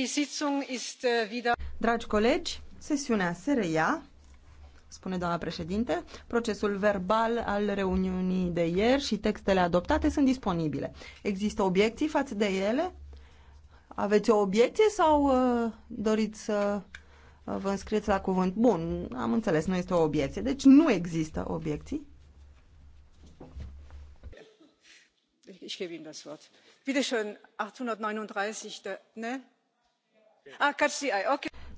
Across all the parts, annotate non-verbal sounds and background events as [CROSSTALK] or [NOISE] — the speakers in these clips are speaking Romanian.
Äh, Dragi colegi, sesiunea se reia, spune doamna președinte. Procesul verbal al reuniunii de ieri și textele adoptate sunt disponibile. Există obiecții față de ele? Aveți o obiecție sau uh, doriți să uh, vă înscrieți la cuvânt? Bun, am înțeles, nu este o obiecție. Deci nu există obiecții. Ich gebe Ihnen das Wort. Bitte schön, 839, ne? Ah,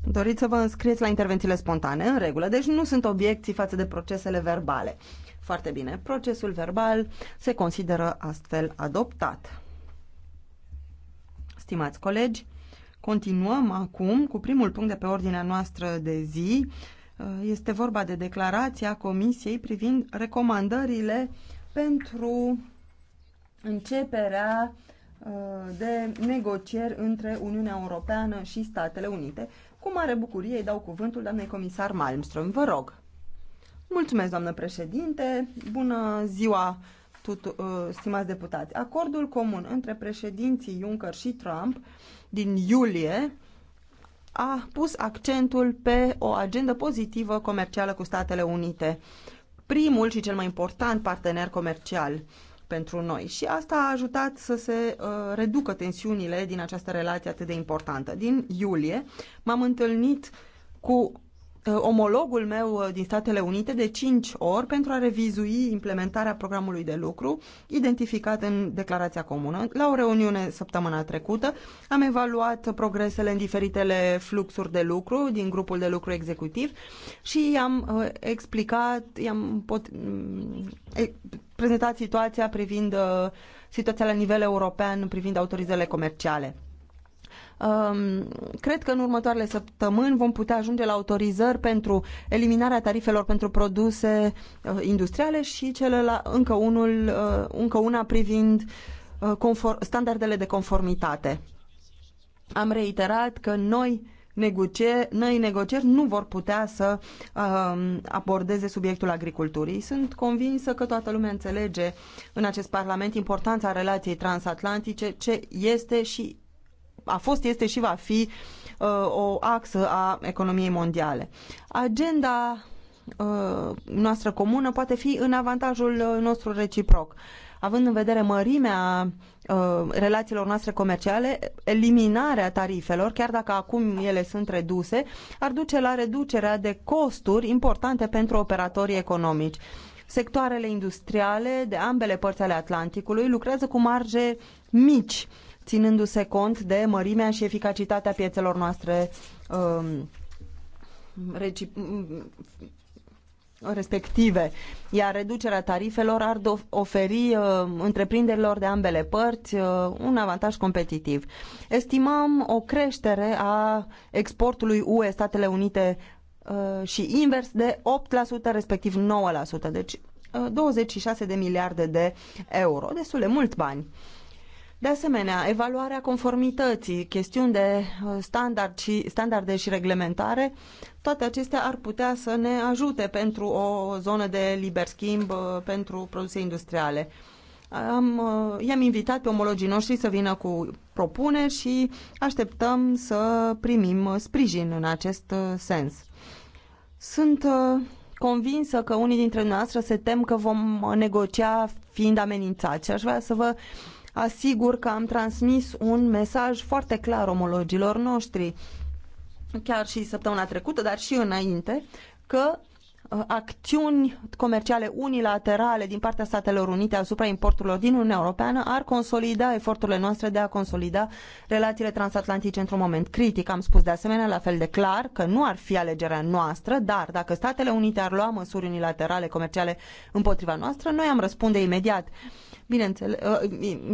Doriți să vă înscrieți la intervențiile spontane, în regulă, deci nu sunt obiecții față de procesele verbale. Foarte bine, procesul verbal se consideră astfel adoptat. Stimați colegi, continuăm acum cu primul punct de pe ordinea noastră de zi. Este vorba de declarația Comisiei privind recomandările pentru începerea uh, Uh, de negocieri între Uniunea Europeană și Statele Unite. Cu mare bucurie îi dau cuvântul doamnei comisar Malmström. Vă rog. Mulțumesc, doamnă președinte. Bună ziua, tut, uh, stimați deputați. Acordul comun între președinții Juncker și Trump din iulie a pus accentul pe o agendă pozitivă comercială cu Statele Unite, primul și cel mai important partener comercial pentru noi și asta a ajutat să se uh, reducă tensiunile din această relație atât de importantă. Din iulie m-am întâlnit cu uh, omologul meu uh, din Statele Unite de 5 ori pentru a revizui implementarea programului de lucru identificat în declarația comună. La o reuniune săptămâna trecută am evaluat progresele în diferitele fluxuri de lucru din grupul de lucru executiv și i-am uh, explicat, i-am pot, mm, prezentat situația privind uh, situația la nivel european privind autorizările comerciale. Um, cred că în următoarele săptămâni vom putea ajunge la autorizări pentru eliminarea tarifelor pentru produse uh, industriale și celălalt încă, unul, uh, încă una privind uh, standardele de conformitate. Am reiterat că noi noi negocieri nu vor putea să uh, abordeze subiectul agriculturii. Sunt convinsă că toată lumea înțelege în acest Parlament importanța relației transatlantice, ce este și a fost, este și va fi uh, o axă a economiei mondiale. Agenda uh, noastră comună poate fi în avantajul uh, nostru reciproc. Uh, având în vedere mărimea uh, relațiilor noastre comerciale, eliminarea tarifelor, chiar dacă acum ele sunt reduse, ar duce la reducerea de costuri importante pentru operatorii economici. Sectoarele industriale de ambele părți ale Atlanticului lucrează cu marge mici, ținându-se cont de mărimea și eficacitatea piețelor noastre um, respective, iar reducerea tarifelor ar oferi uh, întreprinderilor de ambele părți uh, un avantaj competitiv. Estimăm o creștere a exportului UE Statele Unite uh, și invers de 8% respectiv 9%, deci uh, 26 de miliarde de euro, destul de mult bani. Uh, de asemenea, evaluarea conformității, chestiuni de uh, standard și, standarde și reglementare, toate acestea ar putea să ne ajute pentru o zonă de liber schimb uh, pentru produse industriale. Am, uh, i-am invitat pe omologii noștri să vină cu propuneri și așteptăm să primim sprijin în acest sens. Sunt convinsă că unii dintre noastre se tem că vom negocia fiind amenințați și aș vrea să vă asigur că am transmis un mesaj foarte clar omologilor noștri, chiar și săptămâna trecută, dar și înainte, că uh, acțiuni comerciale unilaterale din partea Statelor Unite asupra importurilor din Uniunea Europeană ar consolida eforturile noastre de a consolida relațiile transatlantice într-un moment critic. Am spus de asemenea la fel de clar că nu ar fi alegerea noastră, dar dacă Statele Unite ar lua măsuri unilaterale comerciale împotriva noastră, noi am răspunde imediat. Uh, bineînțeles, ă,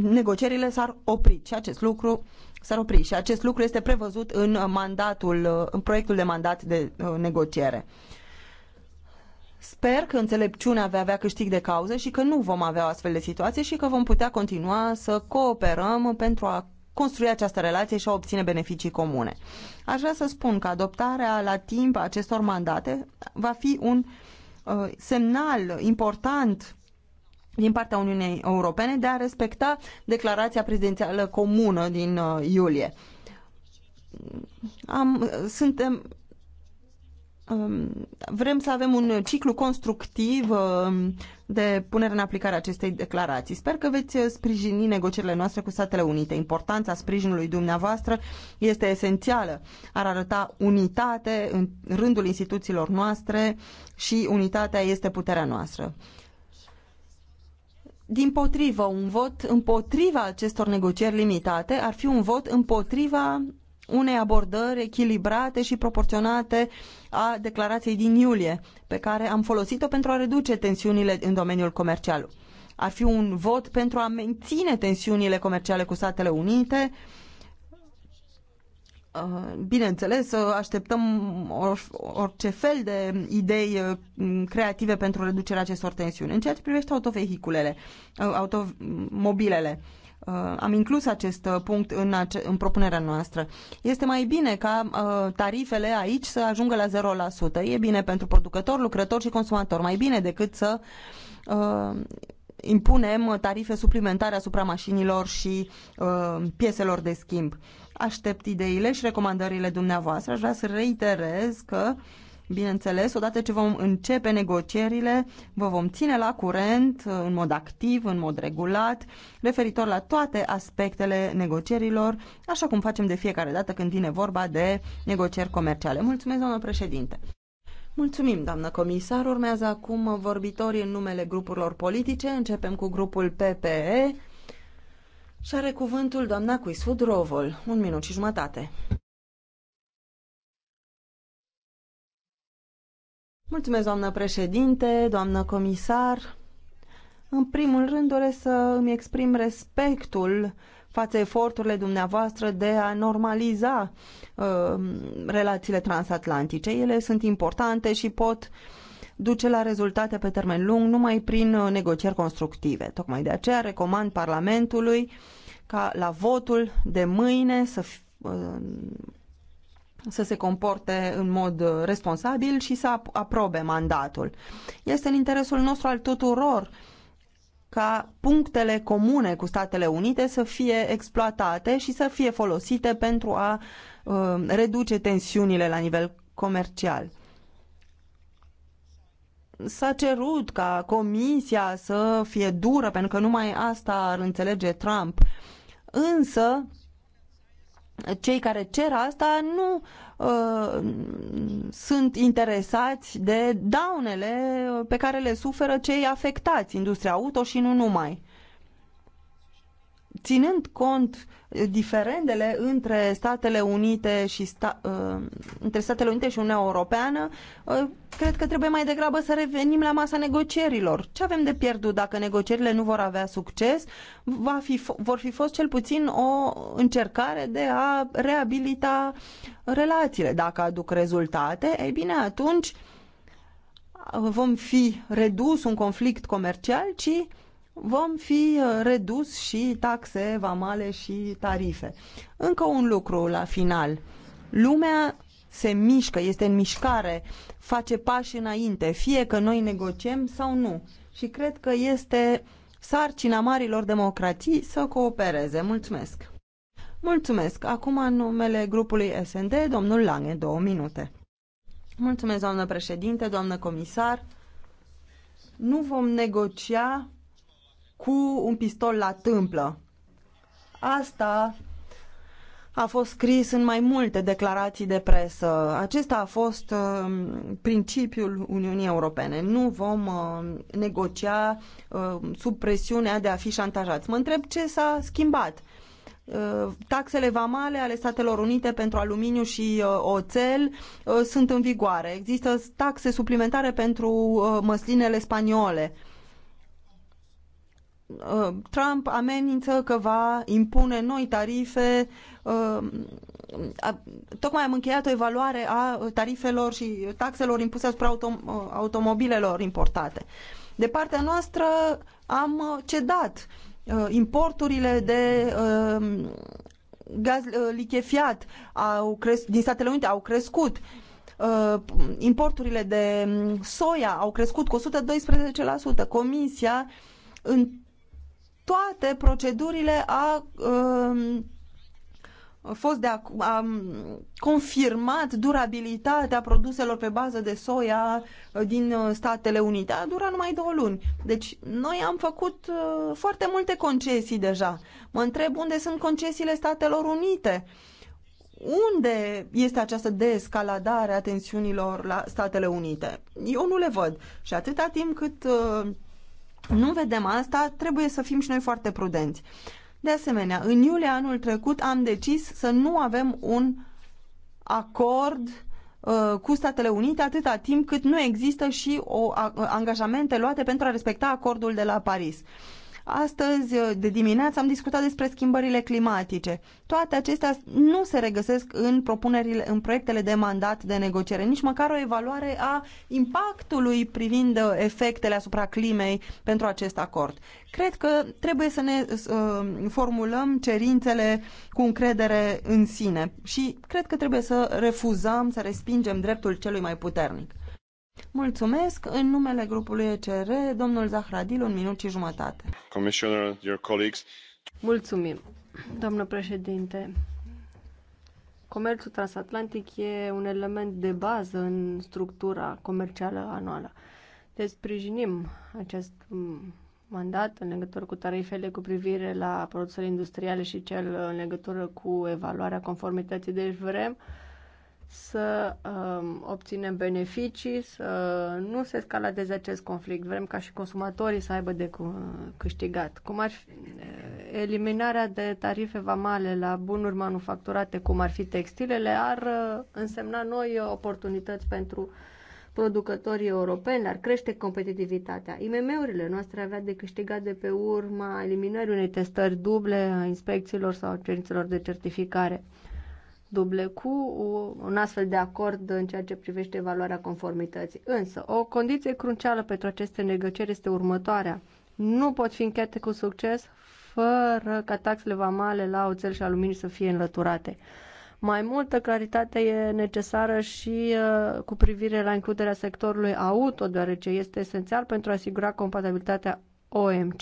negocierile s-ar opri și acest lucru s-ar opri și acest lucru este prevăzut în mandatul, ă, în proiectul de mandat de ă, negociere. Sper că înțelepciunea va avea câștig de cauză și că nu vom avea o astfel de situație și că vom putea continua să cooperăm pentru a construi această relație și a obține beneficii comune. Aș vrea să spun că adoptarea la timp a acestor mandate va fi un semnal important din partea Uniunii Europene de a respecta declarația prezidențială comună din uh, iulie. Am, suntem, um, vrem să avem un ciclu constructiv um, de punere în aplicare a acestei declarații. Sper că veți sprijini negocierile noastre cu Statele Unite. Importanța sprijinului dumneavoastră este esențială. Ar arăta unitate în rândul instituțiilor noastre și unitatea este puterea noastră. Din potrivă, un vot împotriva acestor negocieri limitate ar fi un vot împotriva unei abordări echilibrate și proporționate a declarației din iulie, pe care am folosit-o pentru a reduce tensiunile în domeniul comercial. Ar fi un vot pentru a menține tensiunile comerciale cu Statele Unite, uh, Uh, bineînțeles, așteptăm orice fel de idei uh, creative pentru reducerea acestor tensiuni. În ceea ce privește autovehiculele, uh, automobilele, am inclus acest punct în, ace- în propunerea noastră. Este mai bine ca tarifele aici să ajungă la 0%. E bine pentru producător, lucrător și consumator. Mai bine decât să impunem tarife suplimentare asupra mașinilor și pieselor de schimb Aștept ideile și recomandările dumneavoastră. Aș vrea să reiterez că, bineînțeles, odată ce vom începe negocierile, vă vom ține la curent, în mod activ, în mod regulat, referitor la toate aspectele negocierilor, așa cum facem de fiecare dată când vine vorba de negocieri comerciale. Mulțumesc, doamnă președinte! Mulțumim, doamnă comisar. Urmează acum vorbitorii în numele grupurilor politice. Începem cu grupul PPE. Și are cuvântul doamna Cuisfud Rovol. Un minut și jumătate. Mulțumesc, doamnă președinte, doamnă comisar. În primul rând doresc să îmi exprim respectul față eforturile dumneavoastră de a normaliza uh, relațiile transatlantice. Ele sunt importante și pot duce la rezultate pe termen lung numai prin uh, negocieri constructive. Tocmai de aceea recomand Parlamentului uh, ca la votul de mâine să, uh, să se comporte în mod uh, responsabil și să aprobe mandatul. Este în interesul nostru al tuturor ca punctele comune cu Statele Unite să fie exploatate și să fie folosite pentru a uh, reduce tensiunile la nivel comercial. S-a cerut ca comisia să fie dură, pentru că numai asta ar înțelege Trump. Uh, însă cei care cer asta nu uh, sunt interesați de daunele pe care le suferă cei afectați, industria auto și nu numai ținând cont eh, diferendele între Statele Unite și sta, uh, între Statele Unite și Uniunea Europeană, uh, cred că trebuie mai degrabă să revenim la masa negocierilor. Ce avem de pierdut dacă negocierile nu vor avea succes? Va fi, vor fi fost cel puțin o încercare de a reabilita relațiile. Dacă aduc rezultate, ei bine, atunci vom fi redus un conflict comercial, ci vom fi uh, redus și taxe, vamale și tarife. Încă un lucru la final. Lumea se mișcă, este în mișcare, face pași înainte, fie că noi negociem sau nu. Și cred că este sarcina marilor democrații să coopereze. Mulțumesc! Mulțumesc! Acum în numele grupului SND, domnul Lange, două minute. Mulțumesc, doamnă președinte, doamnă comisar. Nu vom negocia cu un pistol la tâmplă. Asta a fost scris în mai multe declarații de presă. Acesta a fost uh, principiul Uniunii Europene. Nu vom uh, negocia uh, sub presiunea de a fi șantajați. Mă întreb ce s-a schimbat. Uh, taxele vamale ale Statelor Unite pentru aluminiu și uh, oțel uh, sunt în vigoare. Există taxe suplimentare pentru măslinele spaniole Uh, Trump amenință că va impune noi tarife. Uh, tocmai am încheiat o evaluare a tarifelor și taxelor impuse asupra autom uh, automobilelor importate. De partea noastră am cedat importurile de gaz lichefiat au cres- din Statele Unite au crescut. Importurile de mm, soia au crescut cu 112%. Comisia în toate procedurile a um, fost de a, a um, confirmat durabilitatea produselor pe bază de soia uh, din uh, Statele Unite. A durat numai două luni. Deci noi am făcut uh, foarte multe concesii deja. Mă întreb unde sunt concesiile Statelor Unite. Unde este această descaladare a tensiunilor la Statele Unite? Eu nu le văd. Și atâta timp cât uh, nu vedem asta, trebuie să fim și noi foarte prudenți. De asemenea, în iulie anul trecut am decis să nu avem un acord uh, cu Statele Unite atâta timp cât nu există și o a, angajamente luate pentru a respecta acordul de la Paris. Uh, Astăzi, uh, de dimineață, am discutat despre schimbările climatice. Toate acestea nu se regăsesc în propunerile, în proiectele de mandat de negociere, nici măcar o evaluare a impactului privind uh, efectele asupra climei pentru acest acord. Cred că trebuie să ne uh, formulăm cerințele cu încredere în sine și cred că trebuie să refuzăm, să respingem dreptul celui mai puternic. Mulțumesc. În numele grupului ECR, domnul Zahradil, un minut și jumătate. Commissioner, your colleagues. Mulțumim, domnule președinte. Comerțul transatlantic e un element de bază în structura comercială anuală. Deci sprijinim acest mm, mandat în legătură cu tarifele cu privire la produsele industriale și cel în legătură cu evaluarea conformității. Deci vrem uh, să um, obținem beneficii, să nu se escaladeze acest conflict. Vrem ca și consumatorii să aibă de câștigat. Cum ar fi eh, eliminarea de tarife vamale la bunuri manufacturate, cum ar fi textilele, ar eh, însemna noi oportunități pentru producătorii europeni, ar crește competitivitatea. IMM-urile noastre avea de câștigat de pe urma eliminării unei testări duble a inspecțiilor sau cerințelor de certificare duble cu un astfel de acord în ceea ce privește evaluarea conformității. Însă, o condiție crucială pentru aceste negocieri este următoarea. Nu pot fi încheiate cu succes fără ca taxele vamale la oțel și aluminiu să fie înlăturate. Mai multă claritate e necesară și uh, cu privire la includerea sectorului auto, deoarece este esențial pentru a asigura compatibilitatea OMC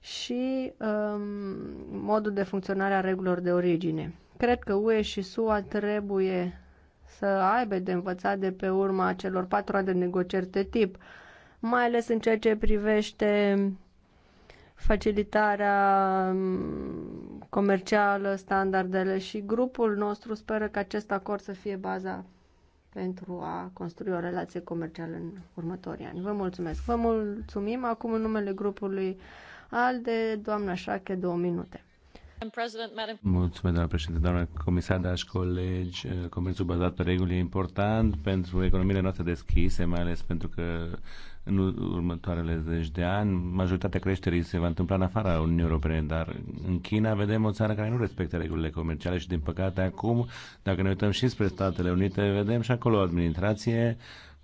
și um, modul de funcționare a regulilor de origine. Cred că UE și SUA trebuie să aibă de învățat de pe urma celor patru ani de negocieri de tip, mai ales în ceea ce privește facilitarea mm, comercială, standardele și grupul nostru speră că acest acord să fie baza pentru a construi o relație comercială în următorii ani. Vă mulțumesc! Vă mulțumim acum în numele grupului ALDE, doamna Șache, două minute. Mulțumesc, doamna președinte, doamna comisar, dragi colegi. Eh, Comerțul bazat pe reguli e important pentru economiile noastre deschise, mai ales pentru că în următoarele zeci de ani majoritatea creșterii se va întâmpla în afara Uniunii Europene, dar în China vedem o țară care nu respectă regulile comerciale și, din păcate, acum, dacă ne uităm și spre Statele Unite, vedem și acolo o administrație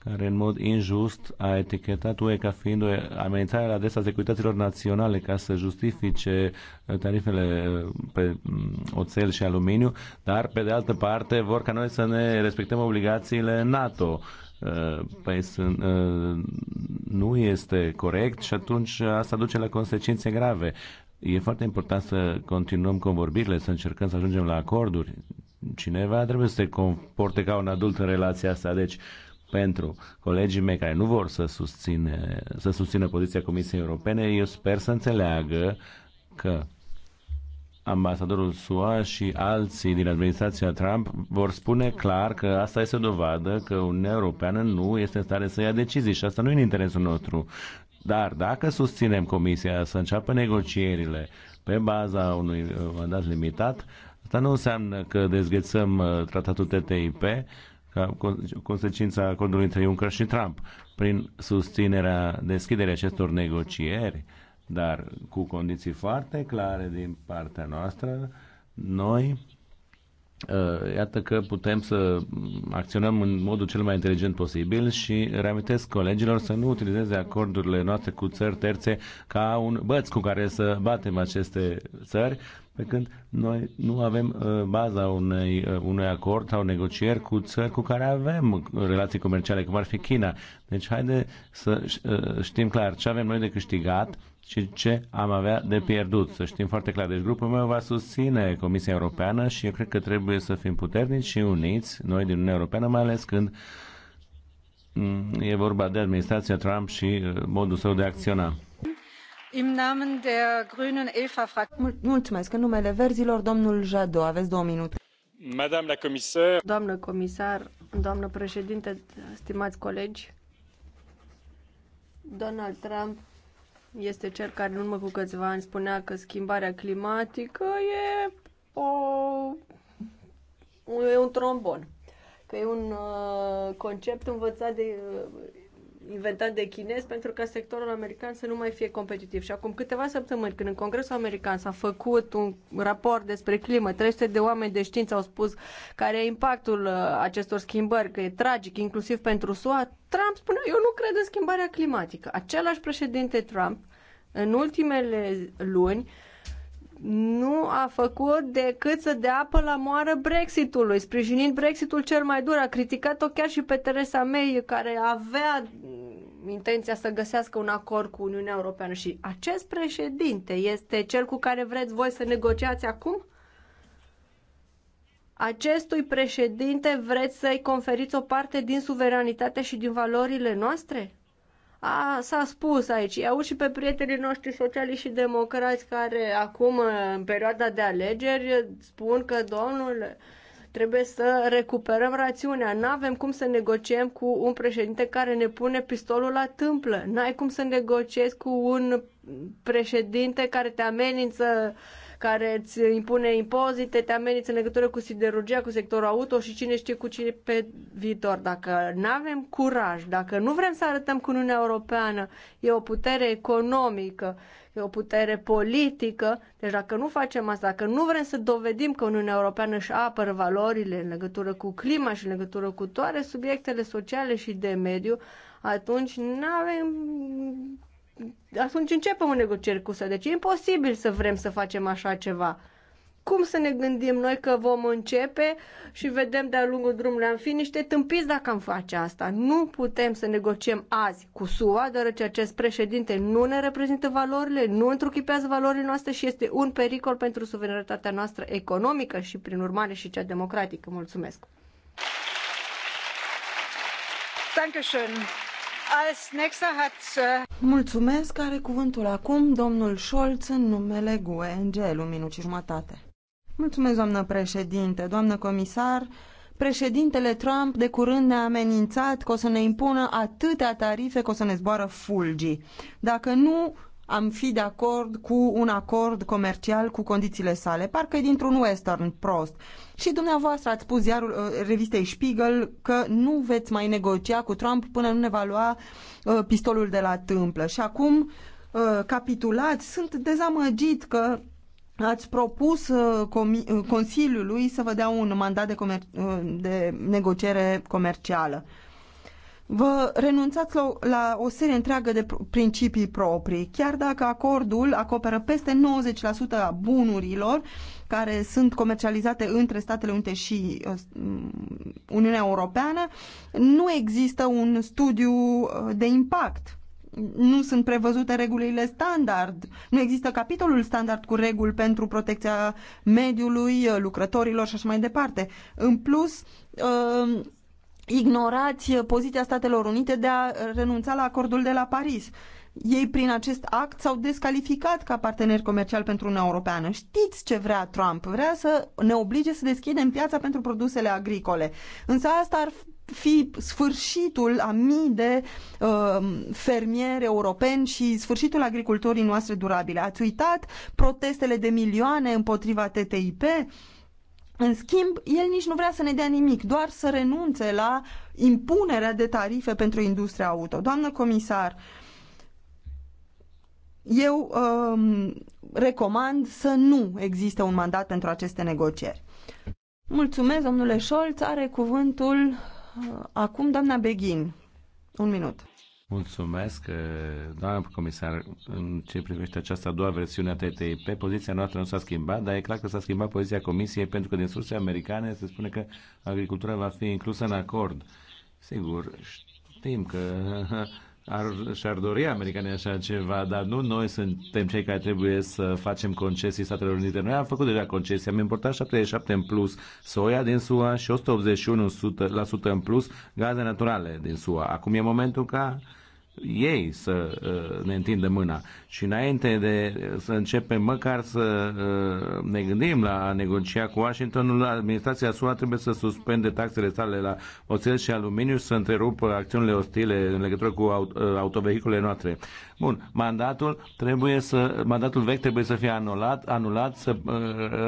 care în mod injust a etichetat UE ca fiind o amenințare la adresa securităților naționale ca să justifice uh, tarifele uh, pe mm, oțel și aluminiu, dar pe de altă parte vor ca noi să ne respectăm obligațiile NATO. Uh, păi sunt, nu este corect și atunci asta duce la consecințe grave. E foarte important să continuăm convorbirile, să încercăm să ajungem la acorduri. Cineva trebuie să se comporte ca un adult în relația asta. Deci, uh, pentru colegii mei care nu vor să, susține, să susțină poziția Comisiei Europene, eu sper să înțeleagă că ambasadorul SUA și alții din administrația Trump vor spune clar că asta este o dovadă că Uniunea Europeană nu este în stare să ia decizii și asta nu e în interesul nostru. Dar dacă susținem Comisia să înceapă negocierile pe baza unui uh, mandat limitat, asta nu înseamnă că dezghețăm uh, tratatul TTIP, ca consecința acordului între Juncker și Trump, prin susținerea deschiderii acestor negocieri, dar cu condiții foarte clare din partea noastră, noi uh, iată că putem să acționăm în modul cel mai inteligent posibil și reamintesc colegilor să nu utilizeze acordurile noastre cu țări terțe ca un băț cu care să batem aceste țări, pe când noi nu avem uh, baza unei, uh, unui acord sau negocieri cu țări cu care avem relații comerciale, cum ar fi China. Deci haide să uh, știm clar ce avem noi de câștigat și ce am avea de pierdut. Să știm foarte clar. Deci grupul meu va susține Comisia Europeană și eu cred că trebuie să fim puternici și uniți, noi din Uniunea Europeană, mai ales când mm, e vorba de administrația Trump și uh, modul său de a acționa. În numele verzilor, domnul Jado, aveți două minute. comisar. Doamnă comisar, doamnă președinte, stimați colegi, Donald Trump este cel care în urmă cu câțiva ani spunea că schimbarea climatică e, o, e un trombon, că e un uh, concept învățat de uh, inventat de chinezi pentru ca sectorul american să nu mai fie competitiv. Și acum câteva săptămâni, când în Congresul American s-a făcut un raport despre climă, 300 de oameni de știință au spus care e impactul uh, acestor schimbări, că e tragic, inclusiv pentru SUA, Trump spune, eu nu cred în schimbarea climatică. Același președinte Trump, în ultimele luni, uh, nu a făcut decât să dea apă la moară Brexitului, sprijinind Brexitul cel mai dur. A criticat-o chiar și pe teresa May, care avea intenția să găsească un acord cu Uniunea Europeană. Și acest președinte este cel cu care vreți voi să negociați acum? Acestui președinte vreți să-i conferiți o parte din suveranitate și din valorile noastre? A, s-a spus aici, i-au și pe prietenii noștri sociali și democrați care acum, în perioada de alegeri, spun că, domnul, trebuie să recuperăm rațiunea. Nu avem cum să negociem cu un președinte care ne pune pistolul la tâmplă. N-ai cum să negociezi cu un președinte care te amenință uh, care îți impune impozite, te ameniți în legătură cu siderurgia, cu sectorul auto și cine știe cu cine pe viitor. Dacă nu avem curaj, dacă nu vrem să arătăm că Uniunea Europeană e o putere economică, e o putere politică, deci dacă nu facem asta, dacă nu vrem să dovedim că Uniunea Europeană își apără valorile în legătură cu clima și în legătură cu toate subiectele sociale și de mediu, atunci nu avem atunci începem o negocieri cu USA. Deci e imposibil să vrem să facem așa ceva. Cum să ne gândim noi că vom începe și vedem de-a lungul drumului am fi niște tâmpiți dacă am face asta. Nu putem să negociem azi cu SUA, deoarece acest președinte nu ne reprezintă valorile, nu întruchipează valorile noastre și este un pericol pentru suveranitatea noastră economică și, prin urmare, și cea democratică. Mulțumesc! Dankeschön. Äh, Mulțumesc, are cuvântul acum domnul Scholz în numele GUE NGL, un minut și jumătate. Mulțumesc, doamnă președinte, doamnă comisar. Președintele Trump de curând ne-a amenințat că o să ne impună atâtea tarife că o să ne zboară fulgii. Dacă nu, am fi de acord cu un acord comercial cu condițiile sale, parcă e dintr-un western prost. Și dumneavoastră ați spus iar uh, revistei Spiegel că nu veți mai negocia cu Trump până nu ne va lua uh, pistolul de la tâmplă. Și acum uh, capitulați, sunt dezamăgit că ați propus uh, uh Consiliului să vă dea un mandat de, comer- uh, de negociere comercială vă renunțați la, la o serie întreagă de principii proprii, chiar dacă acordul acoperă peste 90% a bunurilor care sunt comercializate între Statele Unite și uh, mm, Uniunea Europeană, nu există un studiu uh, de impact. Nu sunt prevăzute regulile standard, nu există capitolul standard cu reguli pentru protecția mediului, uh, lucrătorilor și așa mai departe. În plus, ignorați poziția Statelor Unite de a renunța la acordul de la Paris. Ei, prin acest act, s-au descalificat ca partener comercial pentru Uniunea Europeană. Știți ce vrea Trump? Vrea să ne oblige să deschidem piața pentru produsele agricole. Însă asta ar fi sfârșitul a mii de uh, fermieri europeni și sfârșitul agriculturii noastre durabile. Ați uitat protestele de milioane împotriva TTIP? Uh, în schimb, el nici nu vrea să ne dea nimic, doar să renunțe la impunerea de tarife pentru industria auto. Doamnă comisar, eu um, recomand să nu existe un mandat pentru aceste negocieri. Mulțumesc, domnule Scholz. Are cuvântul uh, acum doamna Beghin. Un minut. Mulțumesc, eh, doamna comisar. În ce privește această a doua versiune a TTIP, poziția noastră nu s-a schimbat, dar e clar că s-a schimbat poziția Comisiei pentru că din surse americane se spune că agricultura va fi inclusă în acord. Sigur, știm că [LAUGHS] ar, și-ar dori americanii așa ceva, dar nu noi suntem cei care trebuie să facem concesii Statelor Unite. Noi am făcut deja concesii, am importat 77 în plus soia din SUA și 181% în plus gaze naturale din SUA. Acum e momentul ca ei să uh, ne întindă mâna. Și înainte de uh, să începem măcar să uh, ne gândim la a negocia cu Washingtonul, administrația SUA trebuie să suspende taxele sale la oțel și aluminiu și să întrerupă acțiunile ostile în legătură cu autovehiculele noastre. Bun, mandatul trebuie să mandatul vechi trebuie să fie anulat, anulat să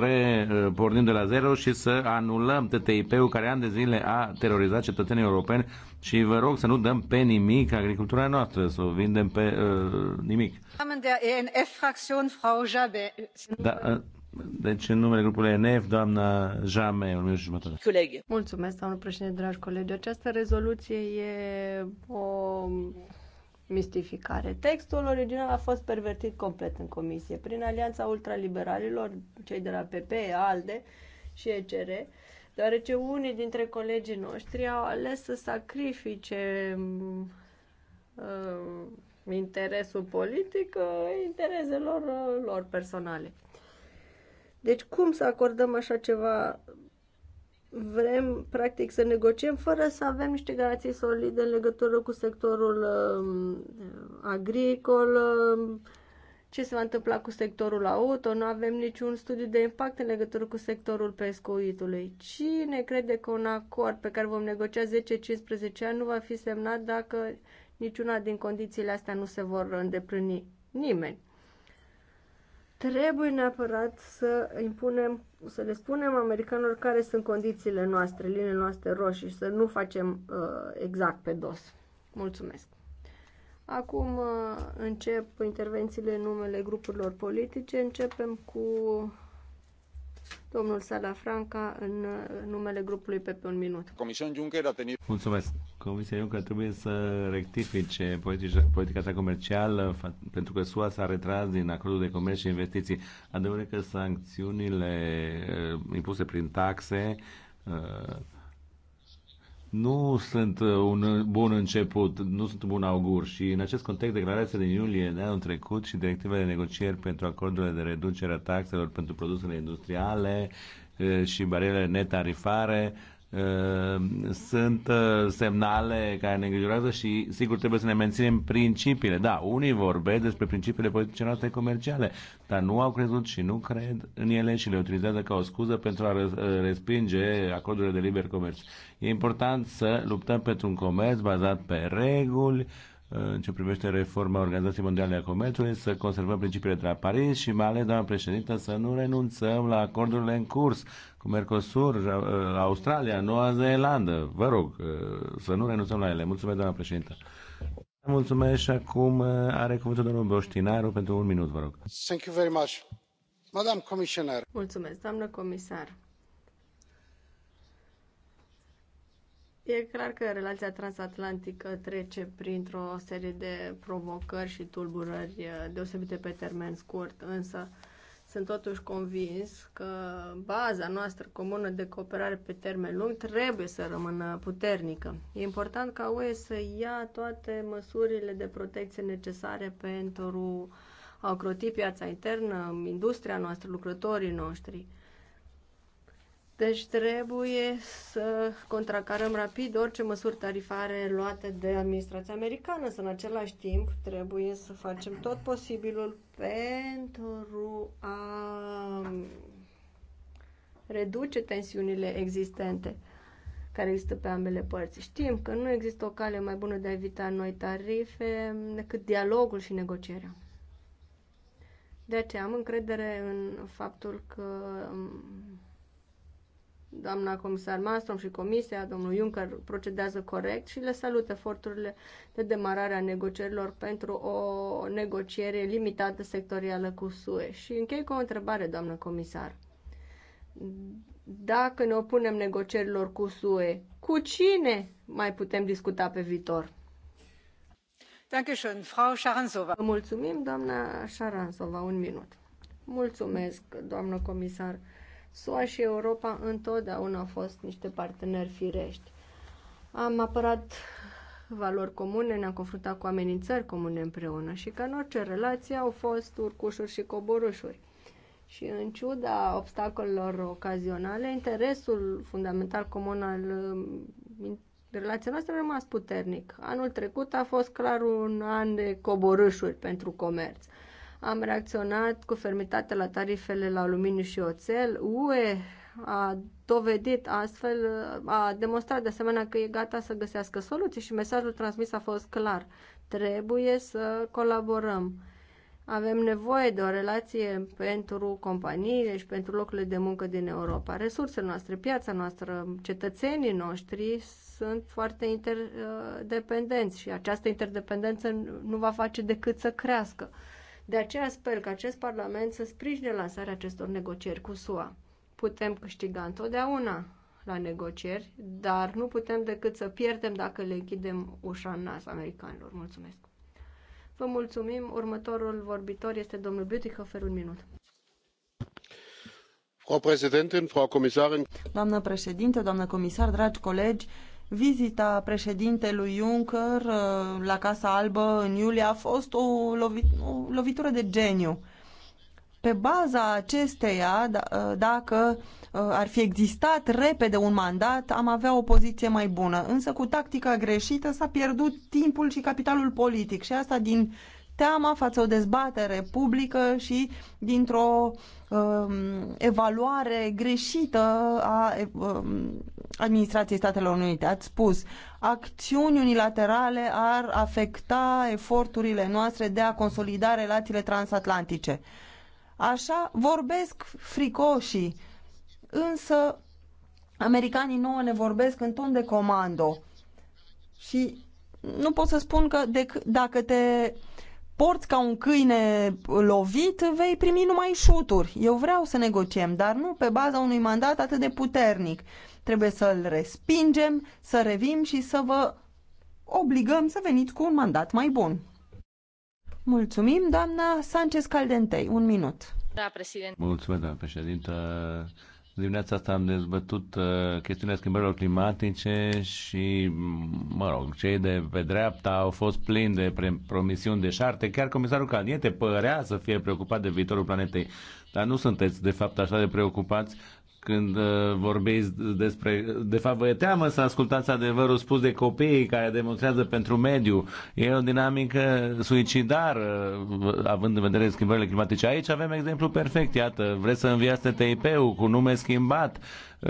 repornim de la zero și să anulăm TTIP-ul care an de zile a terorizat cetățenii europeni și vă rog să nu dăm pe nimic agricultura noastră, să o vindem pe uh, nimic. Da, uh, deci în numele grupului ENF, doamna Jame, un minut și jumătate. Mulțumesc, doamnă președinte, dragi colegi. Această rezoluție e o mistificare. Textul original a fost pervertit complet în comisie. Prin alianța ultraliberalilor, cei de la PP, ALDE și ECR, deoarece unii dintre colegii noștri au ales să sacrifice uh, interesul politic uh, intereselor uh, lor personale. Deci cum să acordăm așa ceva? Vrem, practic, să negociem fără să avem niște garanții solide în legătură cu sectorul uh, agricol, uh, ce se va întâmpla cu sectorul auto, nu avem niciun studiu de impact în legătură cu sectorul pescuitului. Cine crede că un acord pe care vom negocia 10-15 ani nu va fi semnat dacă niciuna din condițiile astea nu se vor îndeplini? Nimeni. Trebuie neapărat să impunem, să le spunem americanilor care sunt condițiile noastre, linile noastre roșii, să nu facem uh, exact pe dos. Mulțumesc! Acum uh, încep intervențiile în numele grupurilor politice. Începem cu domnul Salafranca în uh, numele grupului pe un minut. Comisia Juncker a tenit... Mulțumesc. Comisia Juncker trebuie să rectifice politica, politica sa comercială pentru că SUA s-a retras din acordul de comerț și investiții. Adevărul că sancțiunile uh, impuse prin taxe uh, nu sunt uh, un bun început, nu sunt un bun augur și în acest context declarația din iulie de anul trecut și directivele de negocieri pentru acordurile de reducere a taxelor pentru produsele industriale uh, și barierele netarifare Ehm, sunt ă, semnale care ne îngrijorează și sigur trebuie să ne menținem principiile. Da, unii vorbesc despre principiile politice noastre comerciale, dar nu au crezut și nu cred în ele și le utilizează ca o scuză pentru a respinge acordurile de liber comerț. E important să luptăm pentru un comerț bazat pe reguli, ă, în ce privește reforma Organizației Mondiale a Comerțului, să conservăm principiile de la Paris și mai ales, doamna președintă, să nu renunțăm la acordurile în curs, cu Mercosur, uh, Australia, Noua Zeelandă. Vă rog uh, să nu renunțăm la ele. Mulțumesc, doamna președintă. Mulțumesc și acum uh, are cuvântul domnul Boștinaru pentru un minut, vă rog. Thank you very much. Madam Commissioner. Mulțumesc, doamnă comisar. E clar că relația transatlantică trece printr-o serie de provocări și tulburări deosebite pe termen scurt, însă uh, sunt totuși convins că baza noastră comună de cooperare pe termen lung trebuie să rămână puternică. E important ca UE să ia toate măsurile de protecție necesare pentru a ocroti piața internă, industria noastră, lucrătorii noștri. Deci trebuie să contracarăm rapid orice măsuri tarifare luate de administrația americană, să în același timp trebuie să facem tot posibilul pentru a um, reduce tensiunile existente care există pe ambele părți. Știm că nu există o cale mai bună de a evita noi tarife decât dialogul și negocierea. De aceea am încredere în faptul că um, doamna comisar Malmström și comisia, domnul Juncker, procedează corect și le salut eforturile de demarare a negocierilor pentru o negociere limitată sectorială cu SUE. Și închei cu o întrebare, doamnă comisar. Dacă ne opunem negocierilor cu SUE, cu cine mai putem discuta pe viitor? Vă mulțumim, doamna Șaransova, un minut. Mulțumesc, doamnă comisar. SUA și Europa întotdeauna au fost niște parteneri firești. Am apărat valori comune, ne-am confruntat cu amenințări comune împreună și ca în orice relație au fost urcușuri și coborușuri. Și în ciuda obstacolelor ocazionale, interesul fundamental comun al um, relației noastre a rămas puternic. Anul trecut a fost clar un an de coborâșuri pentru comerț. Am reacționat cu fermitate la tarifele la aluminiu și oțel. UE a dovedit astfel, a demonstrat de asemenea că e gata să găsească soluții și mesajul transmis a fost clar. Trebuie să colaborăm. Avem nevoie de o relație pentru companiile și pentru locurile de muncă din Europa. Resursele noastre, piața noastră, cetățenii noștri sunt foarte interdependenți și această interdependență nu va face decât să crească. De aceea sper că acest Parlament să sprijine lansarea acestor negocieri cu SUA. Putem câștiga întotdeauna la negocieri, dar nu putem decât să pierdem dacă le închidem ușa în nas americanilor. Mulțumesc! Vă mulțumim. Următorul vorbitor este domnul Bütikofer, un minut. Frau Frau Doamnă președinte, doamnă comisar, dragi colegi, Vizita președintelui Juncker uh, la Casa Albă în iulie a fost o, lovit, o lovitură de geniu. Pe baza acesteia, da, uh, dacă uh, ar fi existat repede un mandat, am avea o poziție mai bună. Însă cu tactica greșită s-a pierdut timpul și capitalul politic și asta din teama față o dezbatere publică și dintr-o um, evaluare greșită a um, administrației Statelor Unite. Ați spus, acțiuni unilaterale ar afecta eforturile noastre de a consolida relațiile transatlantice. Așa vorbesc fricoșii, însă americanii nouă ne vorbesc în ton de comando. Și nu pot să spun că dec- dacă te porți ca un câine lovit, vei primi numai șuturi. Eu vreau să negociem, dar nu pe baza unui mandat atât de puternic. Trebuie să-l respingem, să revim și să vă obligăm să veniți cu un mandat mai bun. Mulțumim, doamna Sanchez Caldentei. Un minut. Da, președinte. Mulțumesc, doamna președintă. Dimineața asta am dezbătut uh, chestiunea schimbărilor climatice și, mă rog, cei de pe dreapta au fost plini de promisiuni de șarte. Chiar comisarul Caniete părea să fie preocupat de viitorul planetei. Dar nu sunteți, de fapt, așa de preocupați când uh, vorbești despre... De fapt, vă e teamă să ascultați adevărul spus de copiii care demonstrează pentru mediu. E o dinamică suicidară, având în vedere schimbările climatice. Aici avem exemplu perfect. Iată, vreți să înviați TTIP-ul cu nume schimbat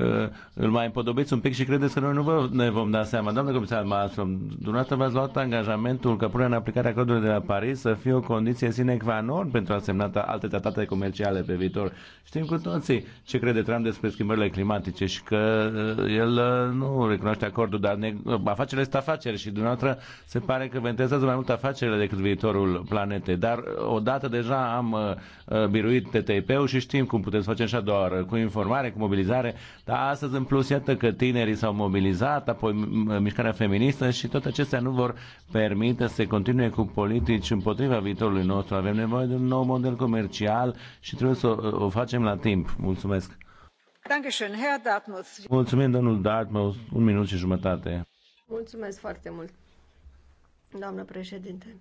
Uh, îl mai împodobiți un pic și credeți că noi nu vă, ne vom da seama. Doamne comisar Malmström, dumneavoastră v-ați luat angajamentul că pune în aplicare acordului de la Paris să fie o condiție sine qua non pentru a semna alte tratate comerciale pe viitor. Știm cu toții ce crede Trump despre schimbările climatice și că uh, el uh, nu recunoaște acordul, dar ne, afacerile sunt afaceri și dumneavoastră se pare că vă interesează mai mult afacerile decât viitorul planetei. Dar odată deja am biruit TTIP-ul și știm cum putem să facem și a doua cu informare, cu mobilizare, dar astăzi, în plus, iată că tinerii s-au mobilizat, apoi mișcarea feministă și tot acestea nu vor permite să se continue cu politici împotriva viitorului nostru. Avem nevoie de un nou model comercial și trebuie să o, facem la timp. Mulțumesc! Mulțumim, domnul Dartmouth. Un minut și jumătate. Mulțumesc foarte mult, doamnă președinte.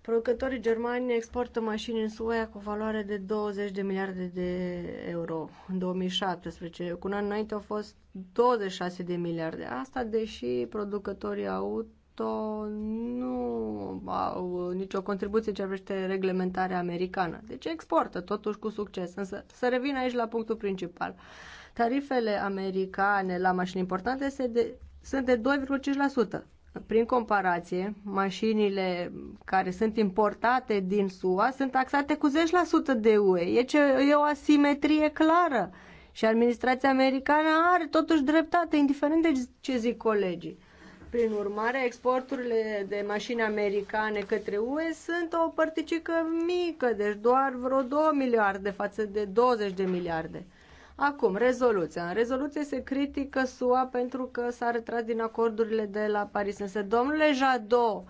Producătorii germani exportă mașini în SUA cu valoare de 20 de miliarde de euro în 2017. Cu un an înainte au fost 26 de miliarde. Asta deși producătorii auto nu au nicio contribuție ce privește reglementarea americană. Deci exportă totuși cu succes. Însă să revin aici la punctul principal. Tarifele americane la mașini importante se de, sunt de 2,5%. Prin comparație, mașinile care sunt importate din SUA sunt taxate cu 10% de UE. E, ce, e o asimetrie clară și administrația americană are totuși dreptate, indiferent de ce zic colegii. Prin urmare, exporturile de mașini americane către UE sunt o părticică mică, deci doar vreo 2 miliarde față de 20 de miliarde. Acum, rezoluția. În rezoluție se critică SUA pentru că s-a retras din acordurile de la Paris. Însă, domnule Jadot,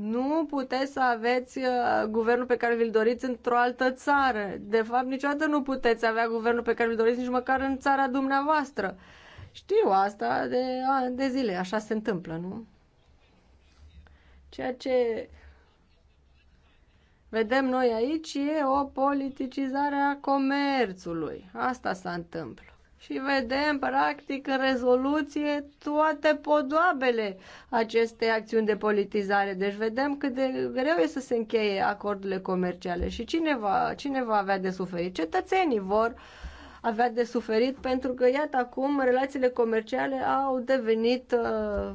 nu puteți să aveți uh, guvernul pe care vi-l doriți într-o altă țară. De fapt, niciodată nu puteți avea guvernul pe care vi-l doriți nici măcar în țara dumneavoastră. Știu asta de ani de zile, așa se întâmplă, nu? Ceea ce vedem noi aici e o politicizare a comerțului. Asta s-a întâmplat. Și vedem, practic, în rezoluție toate podoabele acestei acțiuni de politizare. Deci vedem cât de greu e să se încheie acordurile comerciale și cine va, cine va avea de suferit. Cetățenii vor avea de suferit pentru că, iată, acum relațiile comerciale au devenit uh,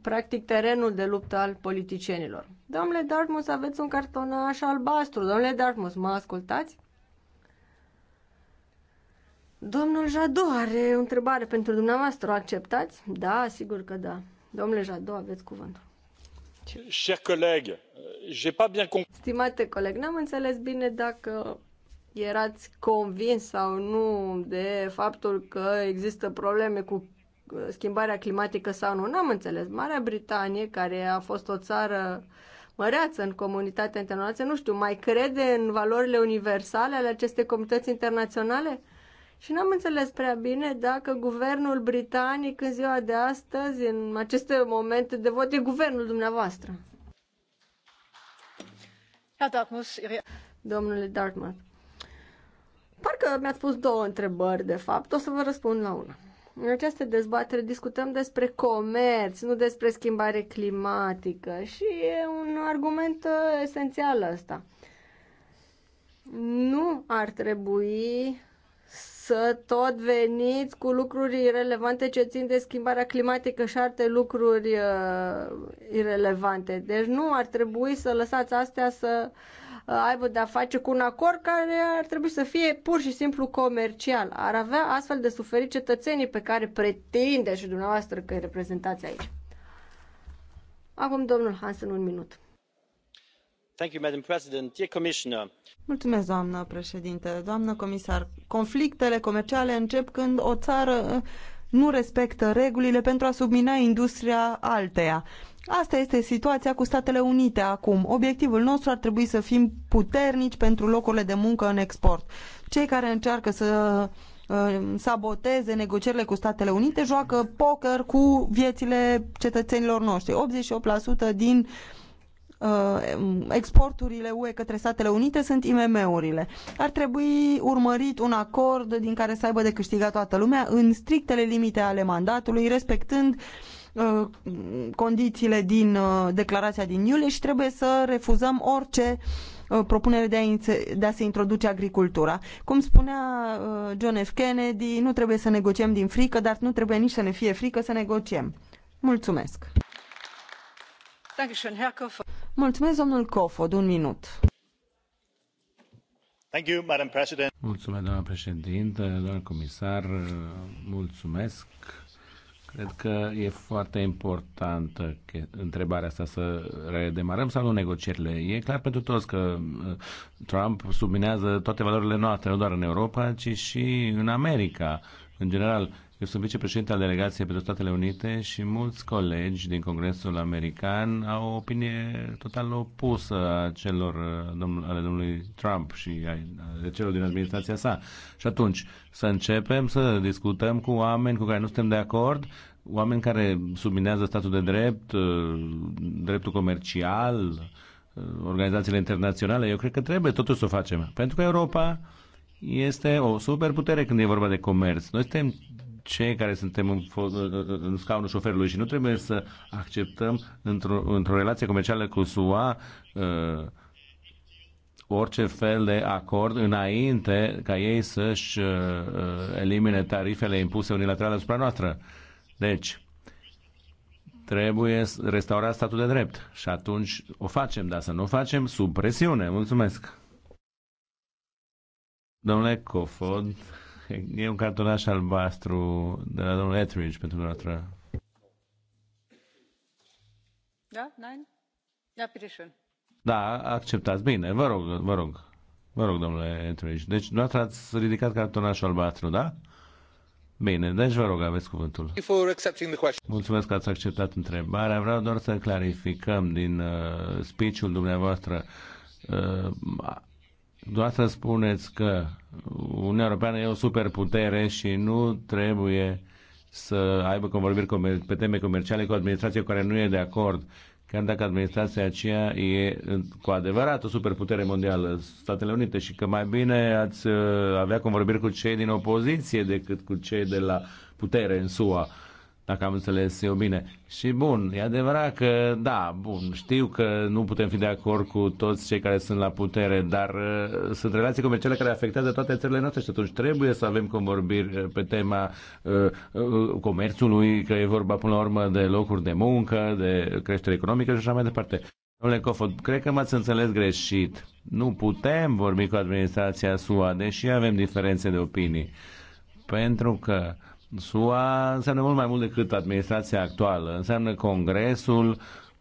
practic terenul de luptă al politicienilor. Domnule Dartmouth, aveți un cartonaș albastru. Domnule Dartmouth, mă ascultați? Domnul Jadu are o întrebare pentru dumneavoastră. O acceptați? Da, sigur că da. Domnule Jadu, aveți cuvântul. Cher coleg, j'ai pas bien compris. Stimate coleg, n-am înțeles bine dacă erați convins sau nu de faptul că există probleme cu schimbarea climatică sau nu, n-am înțeles. Marea Britanie, care a fost o țară măreață în comunitatea internațională, nu știu, mai crede în valorile universale ale acestei comunități internaționale? Și n-am înțeles prea bine dacă guvernul britanic în ziua de astăzi, în aceste momente de vot, e guvernul dumneavoastră. Domnule Dartmouth, parcă mi-ați pus două întrebări, de fapt. O să vă răspund la una. În această dezbatere discutăm despre comerț, nu despre schimbare climatică și e un argument uh, esențial ăsta. Nu ar trebui să tot veniți cu lucruri irelevante ce țin de schimbarea climatică și alte lucruri uh, irelevante. Deci nu ar trebui să lăsați astea să uh, Uh, aibă de-a face cu un acord care ar trebui să fie pur și simplu comercial. Ar avea astfel de suferit cetățenii pe care pretinde și dumneavoastră că îi reprezentați aici. Acum, domnul Hansen, un minut. Mulțumesc, doamnă președinte doamnă comisar conflictele comerciale încep când o țară nu respectă regulile pentru a submina industria alteia. Asta este situația cu Statele Unite acum. Obiectivul nostru ar trebui să fim puternici pentru locurile de muncă în export. Cei care încearcă să uh, saboteze negocierile cu Statele Unite joacă poker cu viețile cetățenilor noștri. 88% din uh, exporturile UE către Statele Unite sunt IMM-urile. Ar trebui urmărit un acord din care să aibă de câștigat toată lumea în strictele limite ale mandatului, respectând uh, Uh, condițiile din uh, declarația din iulie și trebuie să refuzăm orice uh, propunere de a, de a se introduce agricultura. Cum spunea John F. Kennedy, nu trebuie să negociem din frică, dar nu trebuie nici să ne fie frică să negociem. Mulțumesc! Mulțumesc, domnul Kofod un minut. Mulțumesc, doamnă președintă, doamnă comisar, mulțumesc Cred că e foarte importantă întrebarea asta să redemarăm sau nu negocierile. E clar pentru toți că uh, Trump subminează toate valorile noastre, nu doar în Europa, ci și în America. În general, eu sunt vicepreședinte al delegației pentru Statele Unite și mulți colegi din Congresul American au o opinie total opusă a celor uh, ale domnului Trump și a, de celor din administrația sa. Și atunci să începem să discutăm cu oameni cu care nu suntem de acord, oameni care subminează statul de drept, uh, dreptul comercial, uh, organizațiile internaționale. Eu cred că trebuie totuși să o facem. Pentru că Europa este o superputere când e vorba de comerț. Noi suntem cei care suntem în, în scaunul șoferului și nu trebuie să acceptăm într-o, într-o relație comercială cu SUA uh, orice fel de acord înainte ca ei să-și uh, uh elimine tarifele impuse unilateral asupra noastră. Deci, trebuie restaura statul de drept și atunci o facem, dar să nu o facem sub presiune. Mulțumesc! Domnule Cofod, [LAUGHS] E un cartonaș albastru de la domnul Etheridge pentru dumneavoastră. Da? Nein? Da, Pirișun. Da, acceptați. Bine, vă rog, vă rog. Vă rog, domnule Etheridge. Deci, dumneavoastră ați ridicat cartonașul albastru, da? Bine, deci vă rog, aveți cuvântul. Mulțumesc că ați acceptat întrebarea. Vreau doar să clarificăm din uh, speech-ul dumneavoastră. Uh, să spuneți că Uniunea Europeană e o superputere și nu trebuie să aibă convorbiri pe teme comerciale cu o administrație care nu e de acord chiar dacă administrația aceea e cu adevărat o superputere mondială, Statele Unite, și că mai bine ați uh, avea convorbiri cu cei din opoziție decât cu cei de la putere în SUA dacă am înțeles eu bine. Și bun, e adevărat că, da, bun, știu că nu putem fi de acord cu toți cei care sunt la putere, dar uh, sunt relații comerciale care afectează toate țările noastre și atunci trebuie să avem convorbiri uh, pe tema uh, uh, comerțului, că e vorba până la urmă de locuri de muncă, de creștere economică și așa mai departe. Domnule Cofot, cred că m-ați înțeles greșit. Nu putem vorbi cu administrația SUA, deși avem diferențe de opinii. Pentru că SUA înseamnă mult mai mult decât administrația actuală, înseamnă Congresul,